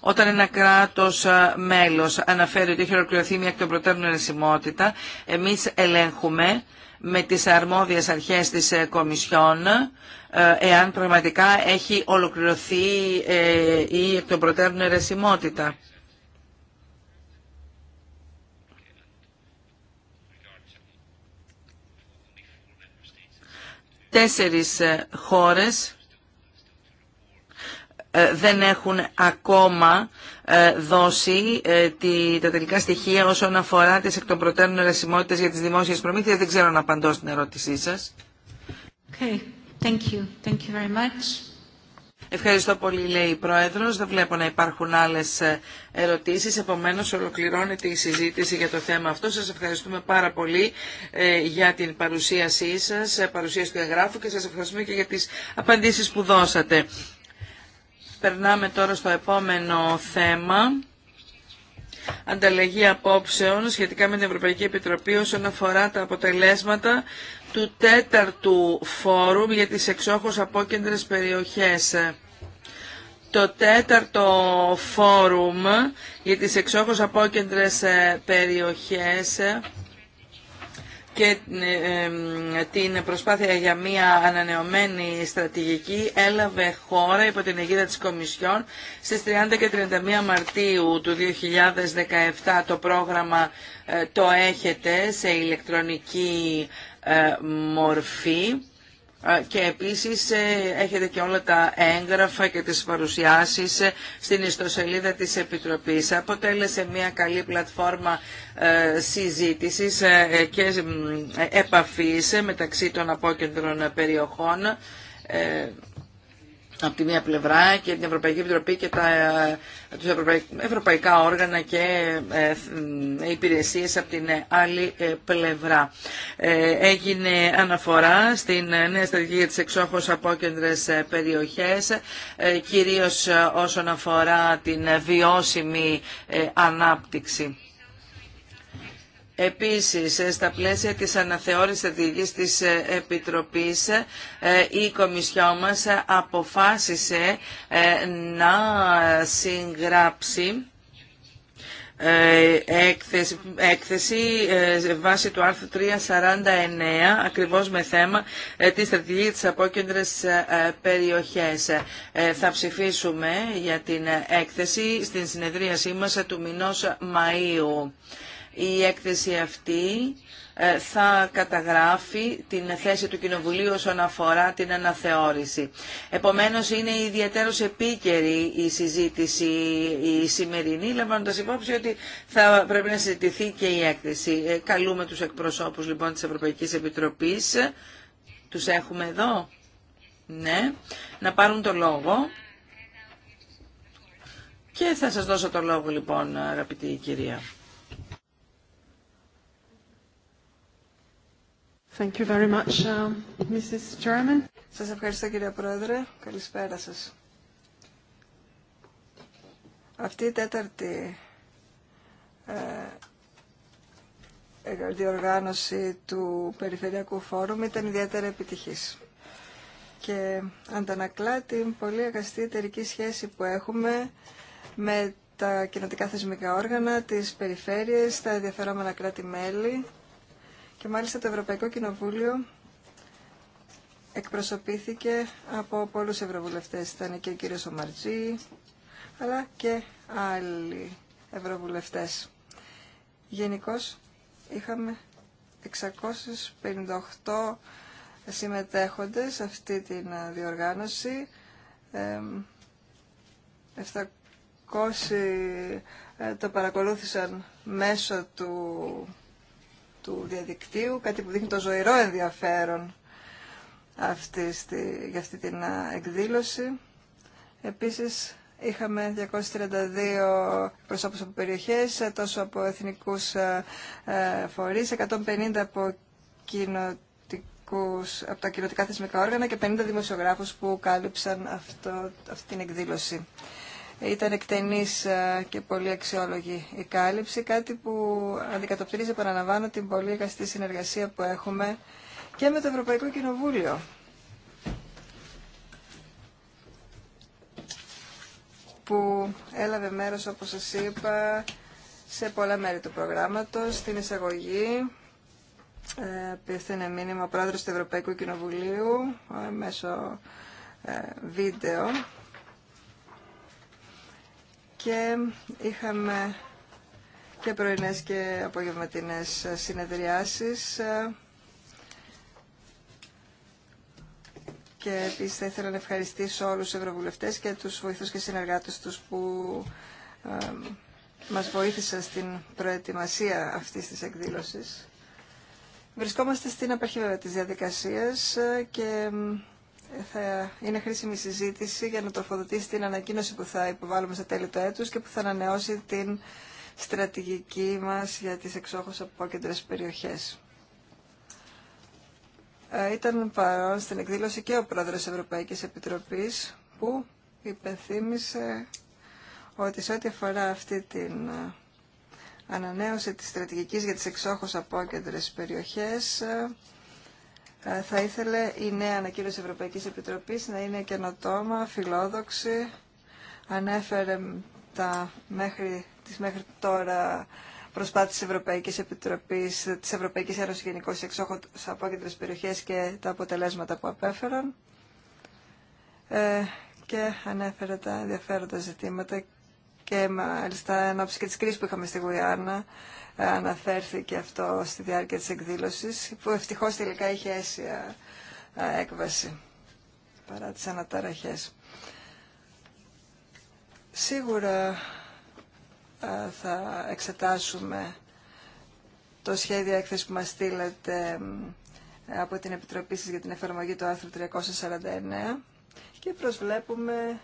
Όταν ένα κράτο μέλος αναφέρει ότι έχει ολοκληρωθεί μια εκ των προτέρων ερεσιμότητα, εμείς ελέγχουμε με τις αρμόδιες αρχές της ε, Κομισιόν ε, εάν πραγματικά έχει ολοκληρωθεί ε, η εκ των προτέρων ερεσιμότητα. Τέσσερις χώρες ε, δεν έχουν ακόμα ε, δώσει ε, τα τελικά στοιχεία όσον αφορά τις εκ των προτέρων ερασιμότητες για τις δημόσιες προμήθειες. Δεν ξέρω να απαντώ στην ερώτησή σας. Okay. Thank you. Thank you very much. Ευχαριστώ πολύ, λέει η Πρόεδρος. Δεν βλέπω να υπάρχουν άλλες ερωτήσεις. Επομένως, ολοκληρώνεται η συζήτηση για το θέμα αυτό. Σας ευχαριστούμε πάρα πολύ για την παρουσίασή σας, παρουσίαση του εγγράφου και σας ευχαριστούμε και για τις απαντήσεις που δώσατε. Περνάμε τώρα στο επόμενο θέμα. Ανταλλαγή απόψεων σχετικά με την Ευρωπαϊκή Επιτροπή όσον αφορά τα αποτελέσματα του τέταρτου φόρουμ για τις εξόχως απόκεντρες περιοχές. Το τέταρτο φόρουμ για τις εξόχως απόκεντρες ε, περιοχές και την προσπάθεια για μια ανανεωμένη στρατηγική έλαβε χώρα υπό την αιγύδα της Κομισιόν στις 30 και 31 Μαρτίου του 2017 το πρόγραμμα ε, το έχετε σε ηλεκτρονική ε, μορφή και επίσης ε, έχετε και όλα τα έγγραφα και τις παρουσιάσεις ε, στην ιστοσελίδα της Επιτροπής. Αποτέλεσε μια καλή πλατφόρμα ε, συζήτησης και επαφής μεταξύ των απόκεντρων περιοχών από τη μία πλευρά και την Ευρωπαϊκή Επιτροπή και τα ε, ευρωπαϊκά όργανα και ε, ε, υπηρεσίες από την άλλη πλευρά. Έγινε αναφορά στην νέα στρατηγική για τις εξόχως απόκεντρες περιοχές, κυρίως όσον αφορά την βιώσιμη ανάπτυξη. Επίσης, ε, στα πλαίσια της αναθεώρησης στρατηγικής της ε, Επιτροπής, ε, η Κομισιό μας αποφάσισε να συγγράψει έκθεση, βάσει του άρθρου 349 ακριβώς με θέμα τη στρατηγική της απόκεντρες περιοχές. Θα ψηφίσουμε για την έκθεση στην συνεδρίασή μας του μηνός Μαΐου. Η έκθεση αυτή ε, θα καταγράφει την θέση του Κοινοβουλίου όσον αφορά την αναθεώρηση. Επομένως είναι ιδιαίτερος επίκαιρη η συζήτηση η σημερινή, λαμβάνοντα υπόψη ότι θα πρέπει να συζητηθεί και η έκθεση. Ε, καλούμε τους εκπροσώπους λοιπόν της Ευρωπαϊκής Επιτροπής, τους έχουμε εδώ, ναι, να πάρουν το λόγο. Και θα σας δώσω το λόγο λοιπόν αγαπητή κυρία. Thank uh, Σας ευχαριστώ κύριε Πρόεδρε. Καλησπέρα σας. Αυτή η τέταρτη ε, ε, διοργάνωση του Περιφερειακού Φόρουμ ήταν ιδιαίτερα επιτυχής και αντανακλά την πολύ αγαστή εταιρική σχέση που έχουμε με τα κοινοτικά θεσμικά όργανα, τις περιφέρειες, τα ενδιαφερόμενα κράτη-μέλη και μάλιστα το Ευρωπαϊκό Κοινοβούλιο εκπροσωπήθηκε από πολλούς ευρωβουλευτές. Ήταν και ο κύριος Ομαρτζή, αλλά και άλλοι ευρωβουλευτές. Γενικώ είχαμε 658 συμμετέχοντες σε αυτή την ε, διοργάνωση, 700 ε, το παρακολούθησαν μέσω του του διαδικτύου, κάτι που δείχνει το ζωηρό ενδιαφέρον αυτή, για αυτή την εκδήλωση. Επίσης είχαμε 232 προσώπους από περιοχές, ε, τόσο από εθνικούς ε, ε, φορείς, 150 από τα κοινοτικά θεσμικά όργανα και 50 δημοσιογράφους που κάλυψαν αυτό, αυτή την εκδήλωση ήταν εκτενής ε, και πολύ αξιόλογη η κάλυψη, κάτι που αντικατοπτρίζει, επαναλαμβάνω, την πολύ εργαστή συνεργασία που έχουμε και με το Ευρωπαϊκό Κοινοβούλιο. που έλαβε μέρος, όπως σας είπα, σε πολλά μέρη του προγράμματος, στην εισαγωγή, ε, που ένα μήνυμα ο πρόεδρος του Ευρωπαϊκού Κοινοβουλίου ε, μέσω βίντεο και είχαμε και πρωινές και απογευματινές συνεδριάσεις και επίση θα ήθελα να ευχαριστήσω όλους τους ευρωβουλευτές και τους βοηθούς και συνεργάτες τους που μας βοήθησαν στην προετοιμασία αυτής της εκδήλωσης. Βρισκόμαστε στην απαρχή βέβαια της διαδικασίας και θα είναι χρήσιμη συζήτηση για να τροφοδοτήσει την ανακοίνωση που θα υποβάλουμε στα τέλη του έτους και που θα ανανεώσει την στρατηγική μας για τις εξόχως απόκεντρες περιοχές. Ε, ήταν παρόν στην εκδήλωση και ο πρόεδρος Ευρωπαϊκής Επιτροπής που υπενθύμησε ότι σε ό,τι αφορά αυτή την ε, ανανέωση της στρατηγικής για τις εξόχως απόκεντρες περιοχές ε, ε, θα ήθελε η νέα ανακοίνωση Ευρωπαϊκής Επιτροπής να είναι καινοτόμα, φιλόδοξη. Ανέφερε τα μέχρι, τις μέχρι τώρα προσπάθειες Ευρωπαϊκής Επιτροπής, της Ευρωπαϊκής Ένωσης Γενικώς σε από απόκεντρες περιοχές και τα αποτελέσματα που απέφεραν. Ε, και ανέφερε τα ενδιαφέροντα ζητήματα και μάλιστα εν και της κρίσης που είχαμε στη Γουιάννα αναφέρθηκε αυτό στη διάρκεια της εκδήλωσης, που ευτυχώς τελικά είχε αίσια έκβαση, παρά τις αναταραχές. Σίγουρα θα εξετάσουμε το σχέδιο έκθεση που μας στείλετε από την Επιτροπή σας για την εφαρμογή του άρθρου 349 και προσβλέπουμε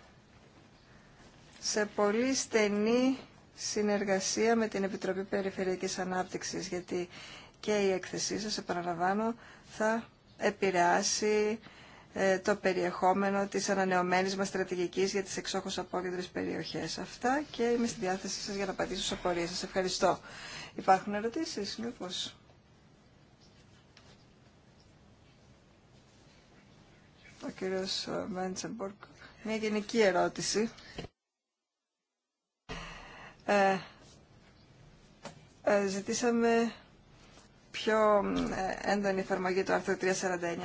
σε πολύ στενή συνεργασία με την Επιτροπή Περιφερειακής Ανάπτυξης, γιατί και η έκθεσή σας, επαναλαμβάνω, θα επηρεάσει ε, το περιεχόμενο της ανανεωμένης μας στρατηγικής για τις εξόχως απόλυτες περιοχές. Αυτά και είμαι στη διάθεσή σας για να απαντήσω σε απορίες σας. Ευχαριστώ. Υπάρχουν ερωτήσεις, μήπως. Ο κύριος ε, Μέντσεμπορκ. Μια γενική ερώτηση. Ε, ε, ζητήσαμε πιο ε, έντονη εφαρμογή του άρθρου 349,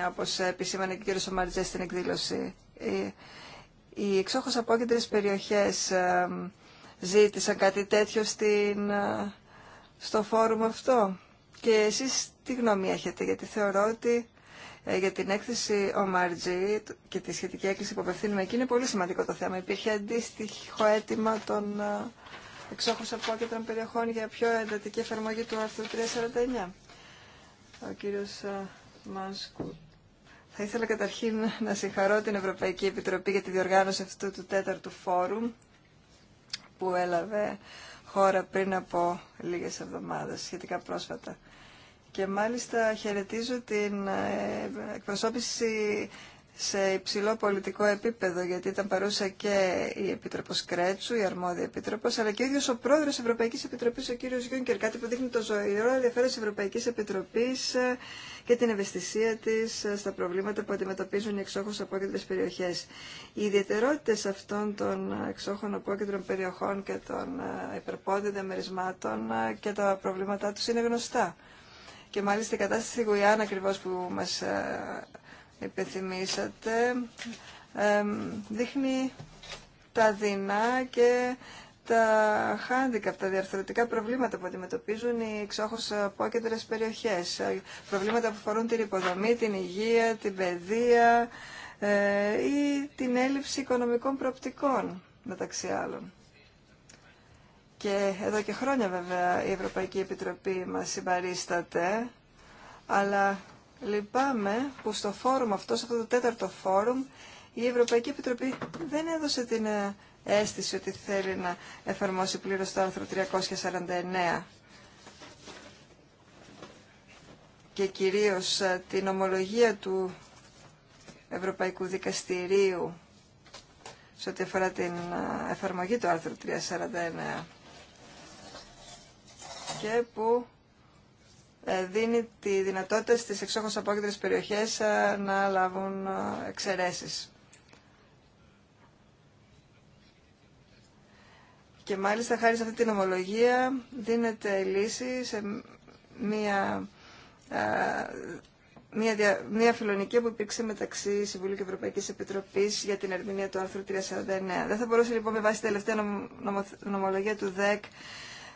όπως επισήμανε και ο κ. Σομαρτζέ στην εκδήλωση. Οι εξόχως απόκεντρες περιοχές ζήτησαν κάτι τέτοιο στην, στο φόρουμ αυτό. Και εσείς τι γνώμη έχετε, γιατί θεωρώ ότι για την έκθεση ο Μαρτζή και τη σχετική έκκληση που απευθύνουμε εκεί είναι πολύ σημαντικό το θέμα. Υπήρχε αντίστοιχο αίτημα των και απόκεντρων περιοχών για πιο εντατική εφαρμογή του άρθρου 349. Ο κύριος ε, Μάνσκου. Θα ήθελα καταρχήν να συγχαρώ την Ευρωπαϊκή Επιτροπή για τη διοργάνωση αυτού του τέταρτου φόρουμ που έλαβε χώρα πριν από λίγες εβδομάδες, σχετικά πρόσφατα. Και μάλιστα χαιρετίζω την ε, εκπροσώπηση σε υψηλό πολιτικό επίπεδο, γιατί ήταν παρούσα και η Επίτροπο Κρέτσου, η αρμόδια Επίτροπο, αλλά και ο ίδιο ο πρόεδρο Ευρωπαϊκή Επιτροπή, ο κύριο Γιούνκερ. Κάτι που δείχνει το ζωηρό ενδιαφέρον τη Ευρωπαϊκή Επιτροπή ε, και την ευαισθησία τη ε, στα προβλήματα που αντιμετωπίζουν οι εξόχω απόκεντρε περιοχέ. Οι ιδιαιτερότητε αυτών των εξόχων απόκεντρων περιοχών και των ε, υπερπόντιδων διαμερισμάτων και τα προβλήματά του είναι γνωστά. Και μάλιστα η κατάσταση στη Γουιάννα ακριβώ που μα ε, δείχνει τα δεινά και τα χάντικα, τα διαρθρωτικά προβλήματα που αντιμετωπίζουν οι εξόχως απόκεντρες περιοχές. Ε, προβλήματα που αφορούν την υποδομή, την υγεία, την παιδεία ε, ή την έλλειψη οικονομικών προοπτικών, μεταξύ άλλων. Και εδώ και χρόνια βέβαια η Ευρωπαϊκή Επιτροπή μας συμπαρίσταται, αλλά Λυπάμαι που στο φόρουμ αυτό, σε αυτό το τέταρτο φόρουμ, η Ευρωπαϊκή Επιτροπή δεν έδωσε την ε, αίσθηση ότι θέλει να εφαρμόσει πλήρως το άρθρο 349 και κυρίως ε, την ομολογία του Ευρωπαϊκού Δικαστηρίου σε ό,τι αφορά την ε, εφαρμογή του άρθρου 349 και που ε, δίνει τη δυνατότητα στις εξόχως απόκεντρες περιοχές ε, να λάβουν ε, εξαιρέσεις. Και μάλιστα χάρη σε αυτή την ομολογία δίνεται λύση σε μία, μία, μία φιλονική που υπήρξε μεταξύ Συμβουλίου και Ευρωπαϊκής Επιτροπής για την ερμηνεία του άρθρου 349. Δεν θα μπορούσε λοιπόν με βάση την τελευταία νομο, νομολογία του ΔΕΚ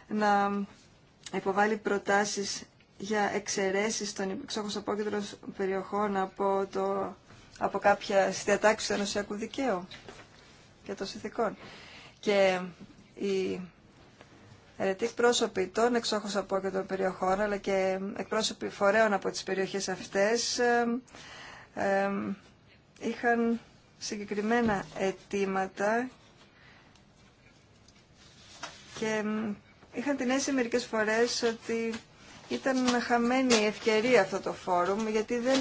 να υποβάλει προτάσεις για εξαιρέσεις των εξόχως απόκεντρων περιοχών από, το, από κάποια διατάξεις του ενωσιακού δικαίου και των συνθηκών. Και οι ερετοί εκπρόσωποι των εξόχων απόκεντρων περιοχών αλλά και εκπρόσωποι φορέων από τις περιοχές αυτές είχαν συγκεκριμένα αιτήματα και είχαν την αίσθηση μερικές φορές ότι ήταν χαμένη η ευκαιρία αυτό το φόρουμ γιατί δεν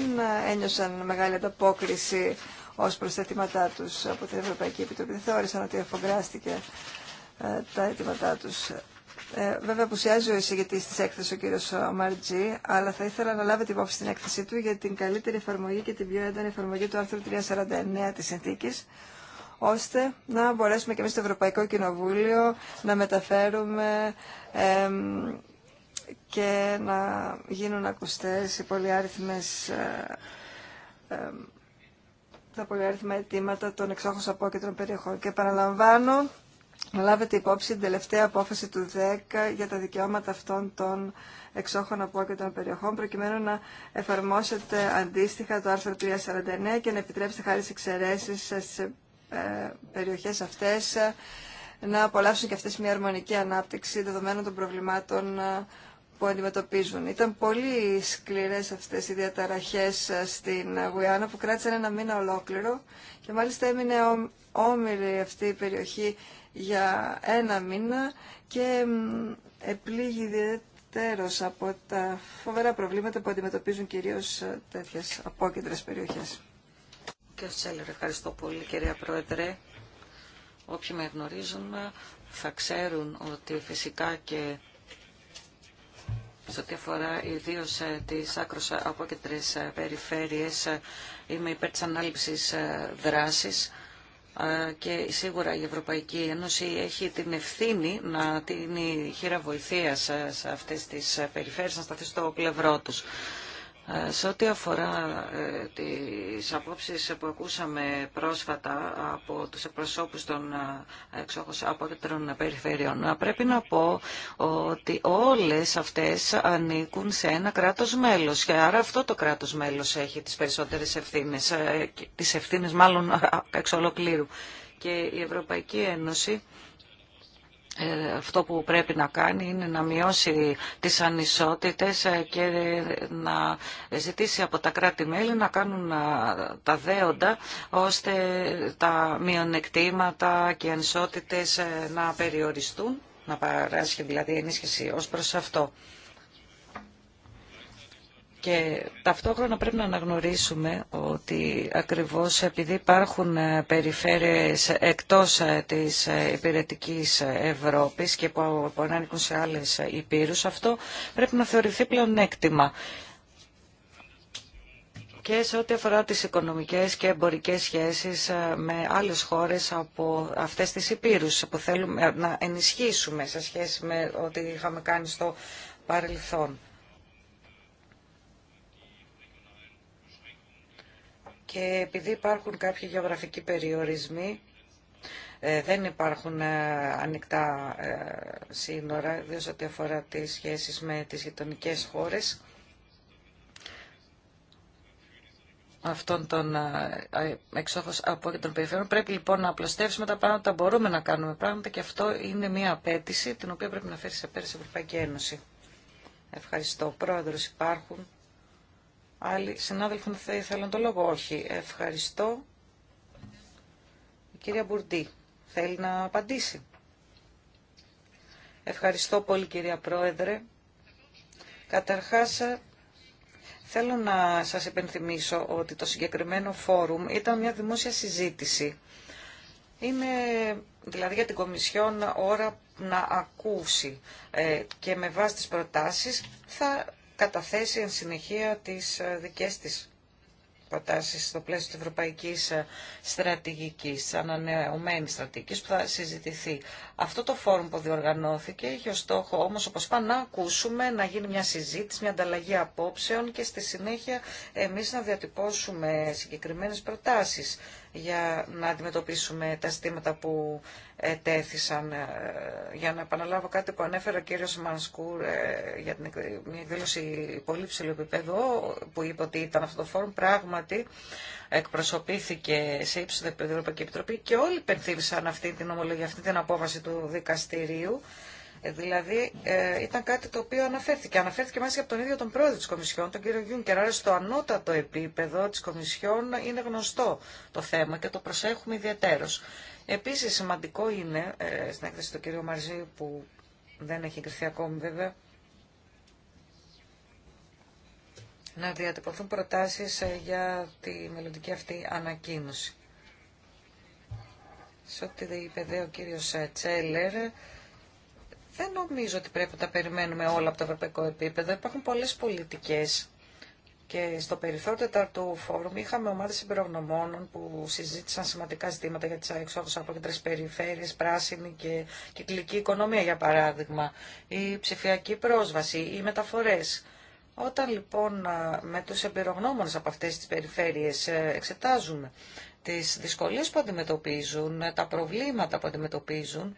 ένιωσαν μεγάλη ανταπόκριση ως προς τα αιτήματά τους από την Ευρωπαϊκή Επιτροπή. Δεν θεώρησαν ότι αφογκράστηκε ε, τα αιτήματά τους. Ε, βέβαια, απουσιάζει ο εισηγητή τη έκθεση, ο κύριο Μαρτζή, αλλά θα ήθελα να την υπόψη την έκθεσή του για την καλύτερη εφαρμογή και την πιο έντονη εφαρμογή του άρθρου 349 τη συνθήκη, ώστε να μπορέσουμε και εμεί στο Ευρωπαϊκό Κοινοβούλιο να μεταφέρουμε ε, και να γίνουν ακουστές οι πολυάριθμες ε, ε, τα πολυάριθμα αιτήματα των εξόχων απόκεντρων περιοχών. Και επαναλαμβάνω, λάβετε υπόψη την τελευταία απόφαση του 10 για τα δικαιώματα αυτών των εξόχων απόκεντρων περιοχών, προκειμένου να εφαρμόσετε αντίστοιχα το άρθρο 349 και να επιτρέψετε χάρη σε εξαιρέσει στι ε, περιοχές αυτές ε, να απολαύσουν και αυτέ μια αρμονική ανάπτυξη δεδομένων των προβλημάτων που αντιμετωπίζουν. Ήταν πολύ σκληρές αυτές οι διαταραχές ε, στην Γουιάννα που κράτησαν ένα μήνα ολόκληρο και μάλιστα έμεινε όμοιρη αυτή η περιοχή για ένα μήνα και επλήγει ιδιαίτερος από τα φοβερά προβλήματα που αντιμετωπίζουν κυρίως ε, τέτοιες απόκεντρες περιοχές. Κύριε Τσέλερ, ευχαριστώ πολύ κυρία Πρόεδρε. Όποιοι με γνωρίζουν θα ξέρουν ότι φυσικά και σε ό,τι αφορά ιδίω ε, τι άκρω ε, απόκεντρε περιφέρειε. Ε, είμαι υπέρ τη ανάληψη δράση και σίγουρα η Ευρωπαϊκή Ένωση έχει την ευθύνη να την χείρα βοηθεία σε αυτές τις περιφέρειες, να σταθεί στο πλευρό τους. Ε, σε ό,τι αφορά ε, τις απόψεις που ακούσαμε πρόσφατα από τους εκπροσώπους των ε, από απότερων περιφερειών, πρέπει να πω ότι όλες αυτές ανήκουν σε ένα κράτος μέλος και άρα αυτό το κράτος μέλος έχει τις περισσότερες ευθύνες, τις ευθύνες μάλλον εξ ολοκλήρου. Και η Ευρωπαϊκή Ένωση ε, αυτό που πρέπει να κάνει είναι να μειώσει τις ανισότητες ε, και να ζητήσει από τα κράτη-μέλη να κάνουν ε, τα δέοντα ώστε τα μειονεκτήματα και οι ανισότητες να περιοριστούν, να παράσχει δηλαδή ενίσχυση ως προς αυτό. Και ταυτόχρονα πρέπει να αναγνωρίσουμε ότι ακριβώς επειδή υπάρχουν ε, περιφέρειες εκτός ε, της ε, υπηρετικής Ευρώπης και που ανήκουν σε άλλες υπήρους, αυτό πρέπει να θεωρηθεί πλεονέκτημα και σε ό,τι αφορά τις οικονομικές και εμπορικές σχέσεις με άλλες χώρες από αυτές τις υπήρους που θέλουμε να ενισχύσουμε σε σχέση με ό,τι είχαμε κάνει στο παρελθόν. και επειδή υπάρχουν κάποιοι γεωγραφικοί περιορισμοί, ε, δεν υπάρχουν ε, ανοιχτά ε, σύνορα, ιδίως ό,τι αφορά τις σχέσεις με τις γειτονικέ χώρες αυτών των εξόχως από και των Πρέπει λοιπόν να απλωστεύσουμε τα πράγματα, μπορούμε να κάνουμε πράγματα και αυτό είναι μια απέτηση την οποία πρέπει να φέρει σε πέρα η Ευρωπαϊκή Ένωση. Ευχαριστώ. Πρόεδρος υπάρχουν Άλλοι συνάδελφοι θα ήθελαν το λόγο. Όχι. Ευχαριστώ. Η κυρία Μπουρντή θέλει να απαντήσει. Ευχαριστώ πολύ κυρία Πρόεδρε. Καταρχάς θέλω να σας επενθυμίσω ότι το συγκεκριμένο φόρουμ ήταν μια δημόσια συζήτηση. Είναι δηλαδή για την Κομισιόν ώρα να ακούσει ε, και με βάση τις προτάσεις θα καταθέσει εν συνεχεία τις ε, δικές της προτάσεις στο πλαίσιο της ευρωπαϊκής ε, στρατηγικής, ανανεωμένης στρατηγικής που θα συζητηθεί. Αυτό το φόρουμ που διοργανώθηκε είχε ως στόχο όμως όπως πάνω να ακούσουμε, να γίνει μια συζήτηση, μια ανταλλαγή απόψεων και στη συνέχεια εμείς να διατυπώσουμε συγκεκριμένες προτάσεις για να αντιμετωπίσουμε τα στήματα που ετέθησαν. Ε, για να επαναλάβω κάτι που ανέφερε ο κύριος Μανσκούρ ε, για την, μια εκδήλωση πολύ ψηλού επίπεδου που είπε ότι ήταν αυτό το φόρουμ πράγματι εκπροσωπήθηκε σε ύψη του Ευρωπαϊκή Επιτροπή και όλοι υπενθύμησαν αυτή την ομολογία, αυτή την απόφαση του δικαστηρίου. Ε, δηλαδή ήταν κάτι το οποίο αναφέρθηκε. Αναφέρθηκε μάλιστα από τον ίδιο τον πρόεδρο της Κομισιόν, τον κύριο Γιούνκερ. Άρα στο ανώτατο επίπεδο της Κομισιόν είναι γνωστό το θέμα και το προσέχουμε ιδιαίτερος. Επίσης σημαντικό είναι, ε, στην έκθεση του κ. Μαρζή που δεν έχει εγκριθεί ακόμη βέβαια, να διατυπωθούν προτάσεις ε, για τη μελλοντική αυτή ανακοίνωση. Σε ό,τι είπε ο κύριος ε, Τσέλερ, δεν νομίζω ότι πρέπει να τα περιμένουμε όλα από το ευρωπαϊκό επίπεδο. Υπάρχουν πολλές πολιτικές και στο περιθώριο του φόρουμ είχαμε ομάδες υπερογνωμόνων που συζήτησαν σημαντικά ζητήματα για τις εξόδους από κεντρές περιφέρειες, πράσινη και κυκλική οικονομία για παράδειγμα, η ψηφιακή πρόσβαση, οι μεταφορές. Όταν λοιπόν με τους εμπειρογνώμονες από αυτές τις περιφέρειες ε, εξετάζουμε τις δυσκολίες που αντιμετωπίζουν, ε, τα προβλήματα που αντιμετωπίζουν,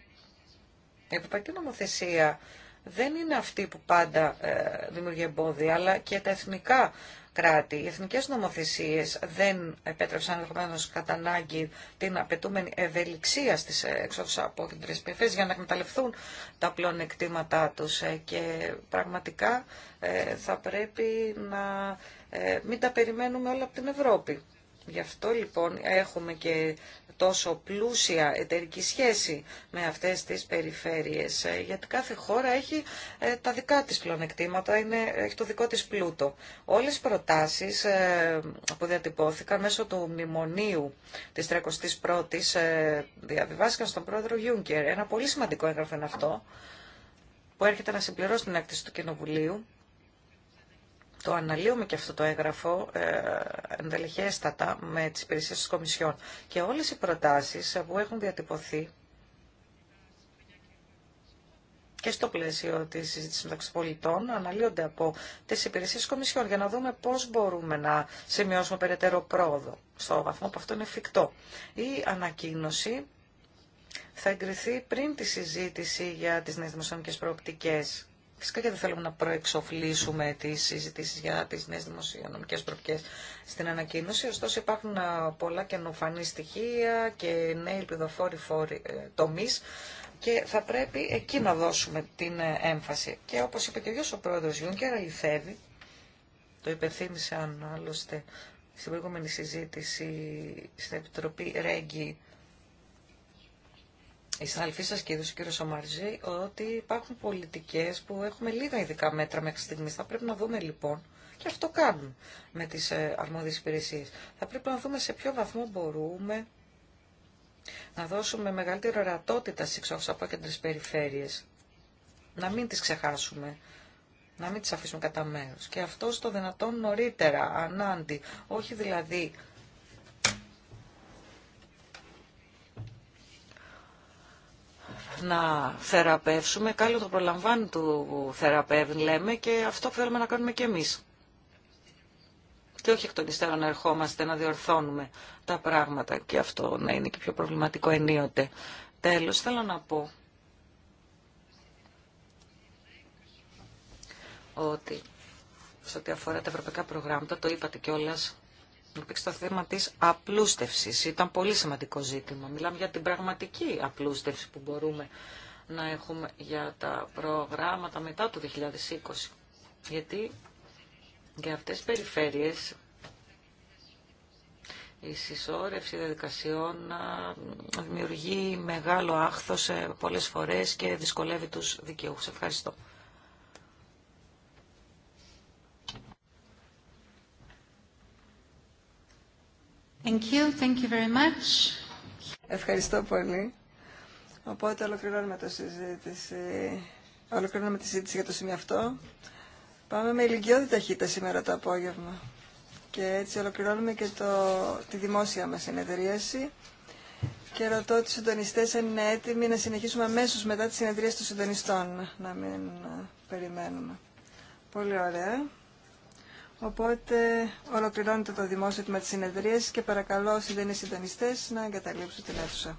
η Ευρωπαϊκή Νομοθεσία δεν είναι αυτή που πάντα ε, δημιουργεί εμπόδια, αλλά και τα εθνικά κράτη. Οι εθνικέ νομοθεσίε δεν επέτρεψαν ενδεχομένω κατά ανάγκη την απαιτούμενη ευελιξία στι εξόδου από κεντρέ περιφέρειε για να εκμεταλλευτούν τα πλεονεκτήματά του. Ε, και πραγματικά ε, θα πρέπει να ε, μην τα περιμένουμε όλα από την Ευρώπη. Γι' αυτό λοιπόν έχουμε και τόσο πλούσια εταιρική σχέση με αυτές τις περιφέρειες, ε, γιατί κάθε χώρα έχει ε, τα δικά της πλονεκτήματα, είναι, έχει το δικό της πλούτο. Όλες οι προτάσεις ε, που διατυπώθηκαν μέσω του μνημονίου της 31ης διαβιβάστηκαν στον πρόεδρο Γιούγκερ. Ένα πολύ σημαντικό έγγραφο είναι αυτό, που έρχεται να συμπληρώσει την έκθεση του Κοινοβουλίου το αναλύουμε και αυτό το έγγραφο ε, εντελεχέστατα με τις υπηρεσίες της Κομισιόν. Και όλες οι προτάσεις που έχουν διατυπωθεί και στο πλαίσιο τη συζήτηση μεταξύ πολιτών αναλύονται από τι υπηρεσίε Κομισιόν για να δούμε πώ μπορούμε να σημειώσουμε περαιτέρω πρόοδο στο βαθμό που αυτό είναι εφικτό. Η ανακοίνωση θα εγκριθεί πριν τη συζήτηση για τι νέε δημοσιονομικέ προοπτικές Φυσικά και δεν θέλουμε να προεξοφλήσουμε τι συζητήσει για τι νέε δημοσιονομικέ προπτικέ στην ανακοίνωση. Ωστόσο, υπάρχουν πολλά καινοφανή στοιχεία και νέοι ελπιδοφόροι ε, τομεί και θα πρέπει εκεί να δώσουμε την ε, έμφαση. Και όπω είπε και ο ίδιο ο πρόεδρο Γιούνκερ, αληθεύει, το υπενθύμησαν άλλωστε στην προηγούμενη συζήτηση στην Επιτροπή Ρέγγι η συναδελφοί σα και κύριο Σομαρζή ότι υπάρχουν πολιτικέ που έχουμε λίγα ειδικά μέτρα μέχρι στιγμή. Θα πρέπει να δούμε λοιπόν, και αυτό κάνουν με τι ε, αρμόδιε υπηρεσίε, θα πρέπει να δούμε σε ποιο βαθμό μπορούμε να δώσουμε μεγαλύτερη ορατότητα στι από κέντρε περιφέρειε. Να μην τι ξεχάσουμε. Να μην τι αφήσουμε κατά μέρο. Και αυτό στο δυνατόν νωρίτερα, ανάντι. Όχι δηλαδή να θεραπεύσουμε, καλό το προλαμβάνει του θεραπεύν λέμε και αυτό θέλουμε να κάνουμε και εμείς. Και όχι εκ των υστέρων να ερχόμαστε να διορθώνουμε τα πράγματα και αυτό να είναι και πιο προβληματικό ενίοτε. Τέλος, θέλω να πω ότι σε ό,τι αφορά τα ευρωπαϊκά προγράμματα, το είπατε κιόλας, υπήρξε το θέμα τη απλούστευσης. Ήταν πολύ σημαντικό ζήτημα. Μιλάμε για την πραγματική απλούστευση που μπορούμε να έχουμε για τα προγράμματα μετά το 2020. Γιατί για αυτές τι περιφέρειες η συσσόρευση διαδικασιών δημιουργεί μεγάλο άχθος ε, πολλές φορές και δυσκολεύει τους δικαιούχους. Ευχαριστώ. Thank you. Thank you very much. Ευχαριστώ πολύ. Οπότε ολοκληρώνουμε το συζήτηση. τη συζήτηση για το σημείο αυτό. Πάμε με ηλικιώδη ταχύτητα σήμερα το απόγευμα. Και έτσι ολοκληρώνουμε και το, τη δημόσια μας συνεδρίαση. Και ρωτώ τους συντονιστές αν είναι έτοιμοι να συνεχίσουμε αμέσως μετά τη συνεδρίαση των συντονιστών. Να μην ε, περιμένουμε. Πολύ ωραία. Οπότε ολοκληρώνεται το δημόσιο τμήμα της συνεδρίας και παρακαλώ όσοι δεν είναι συντονιστές να εγκαταλείψουν την αίθουσα.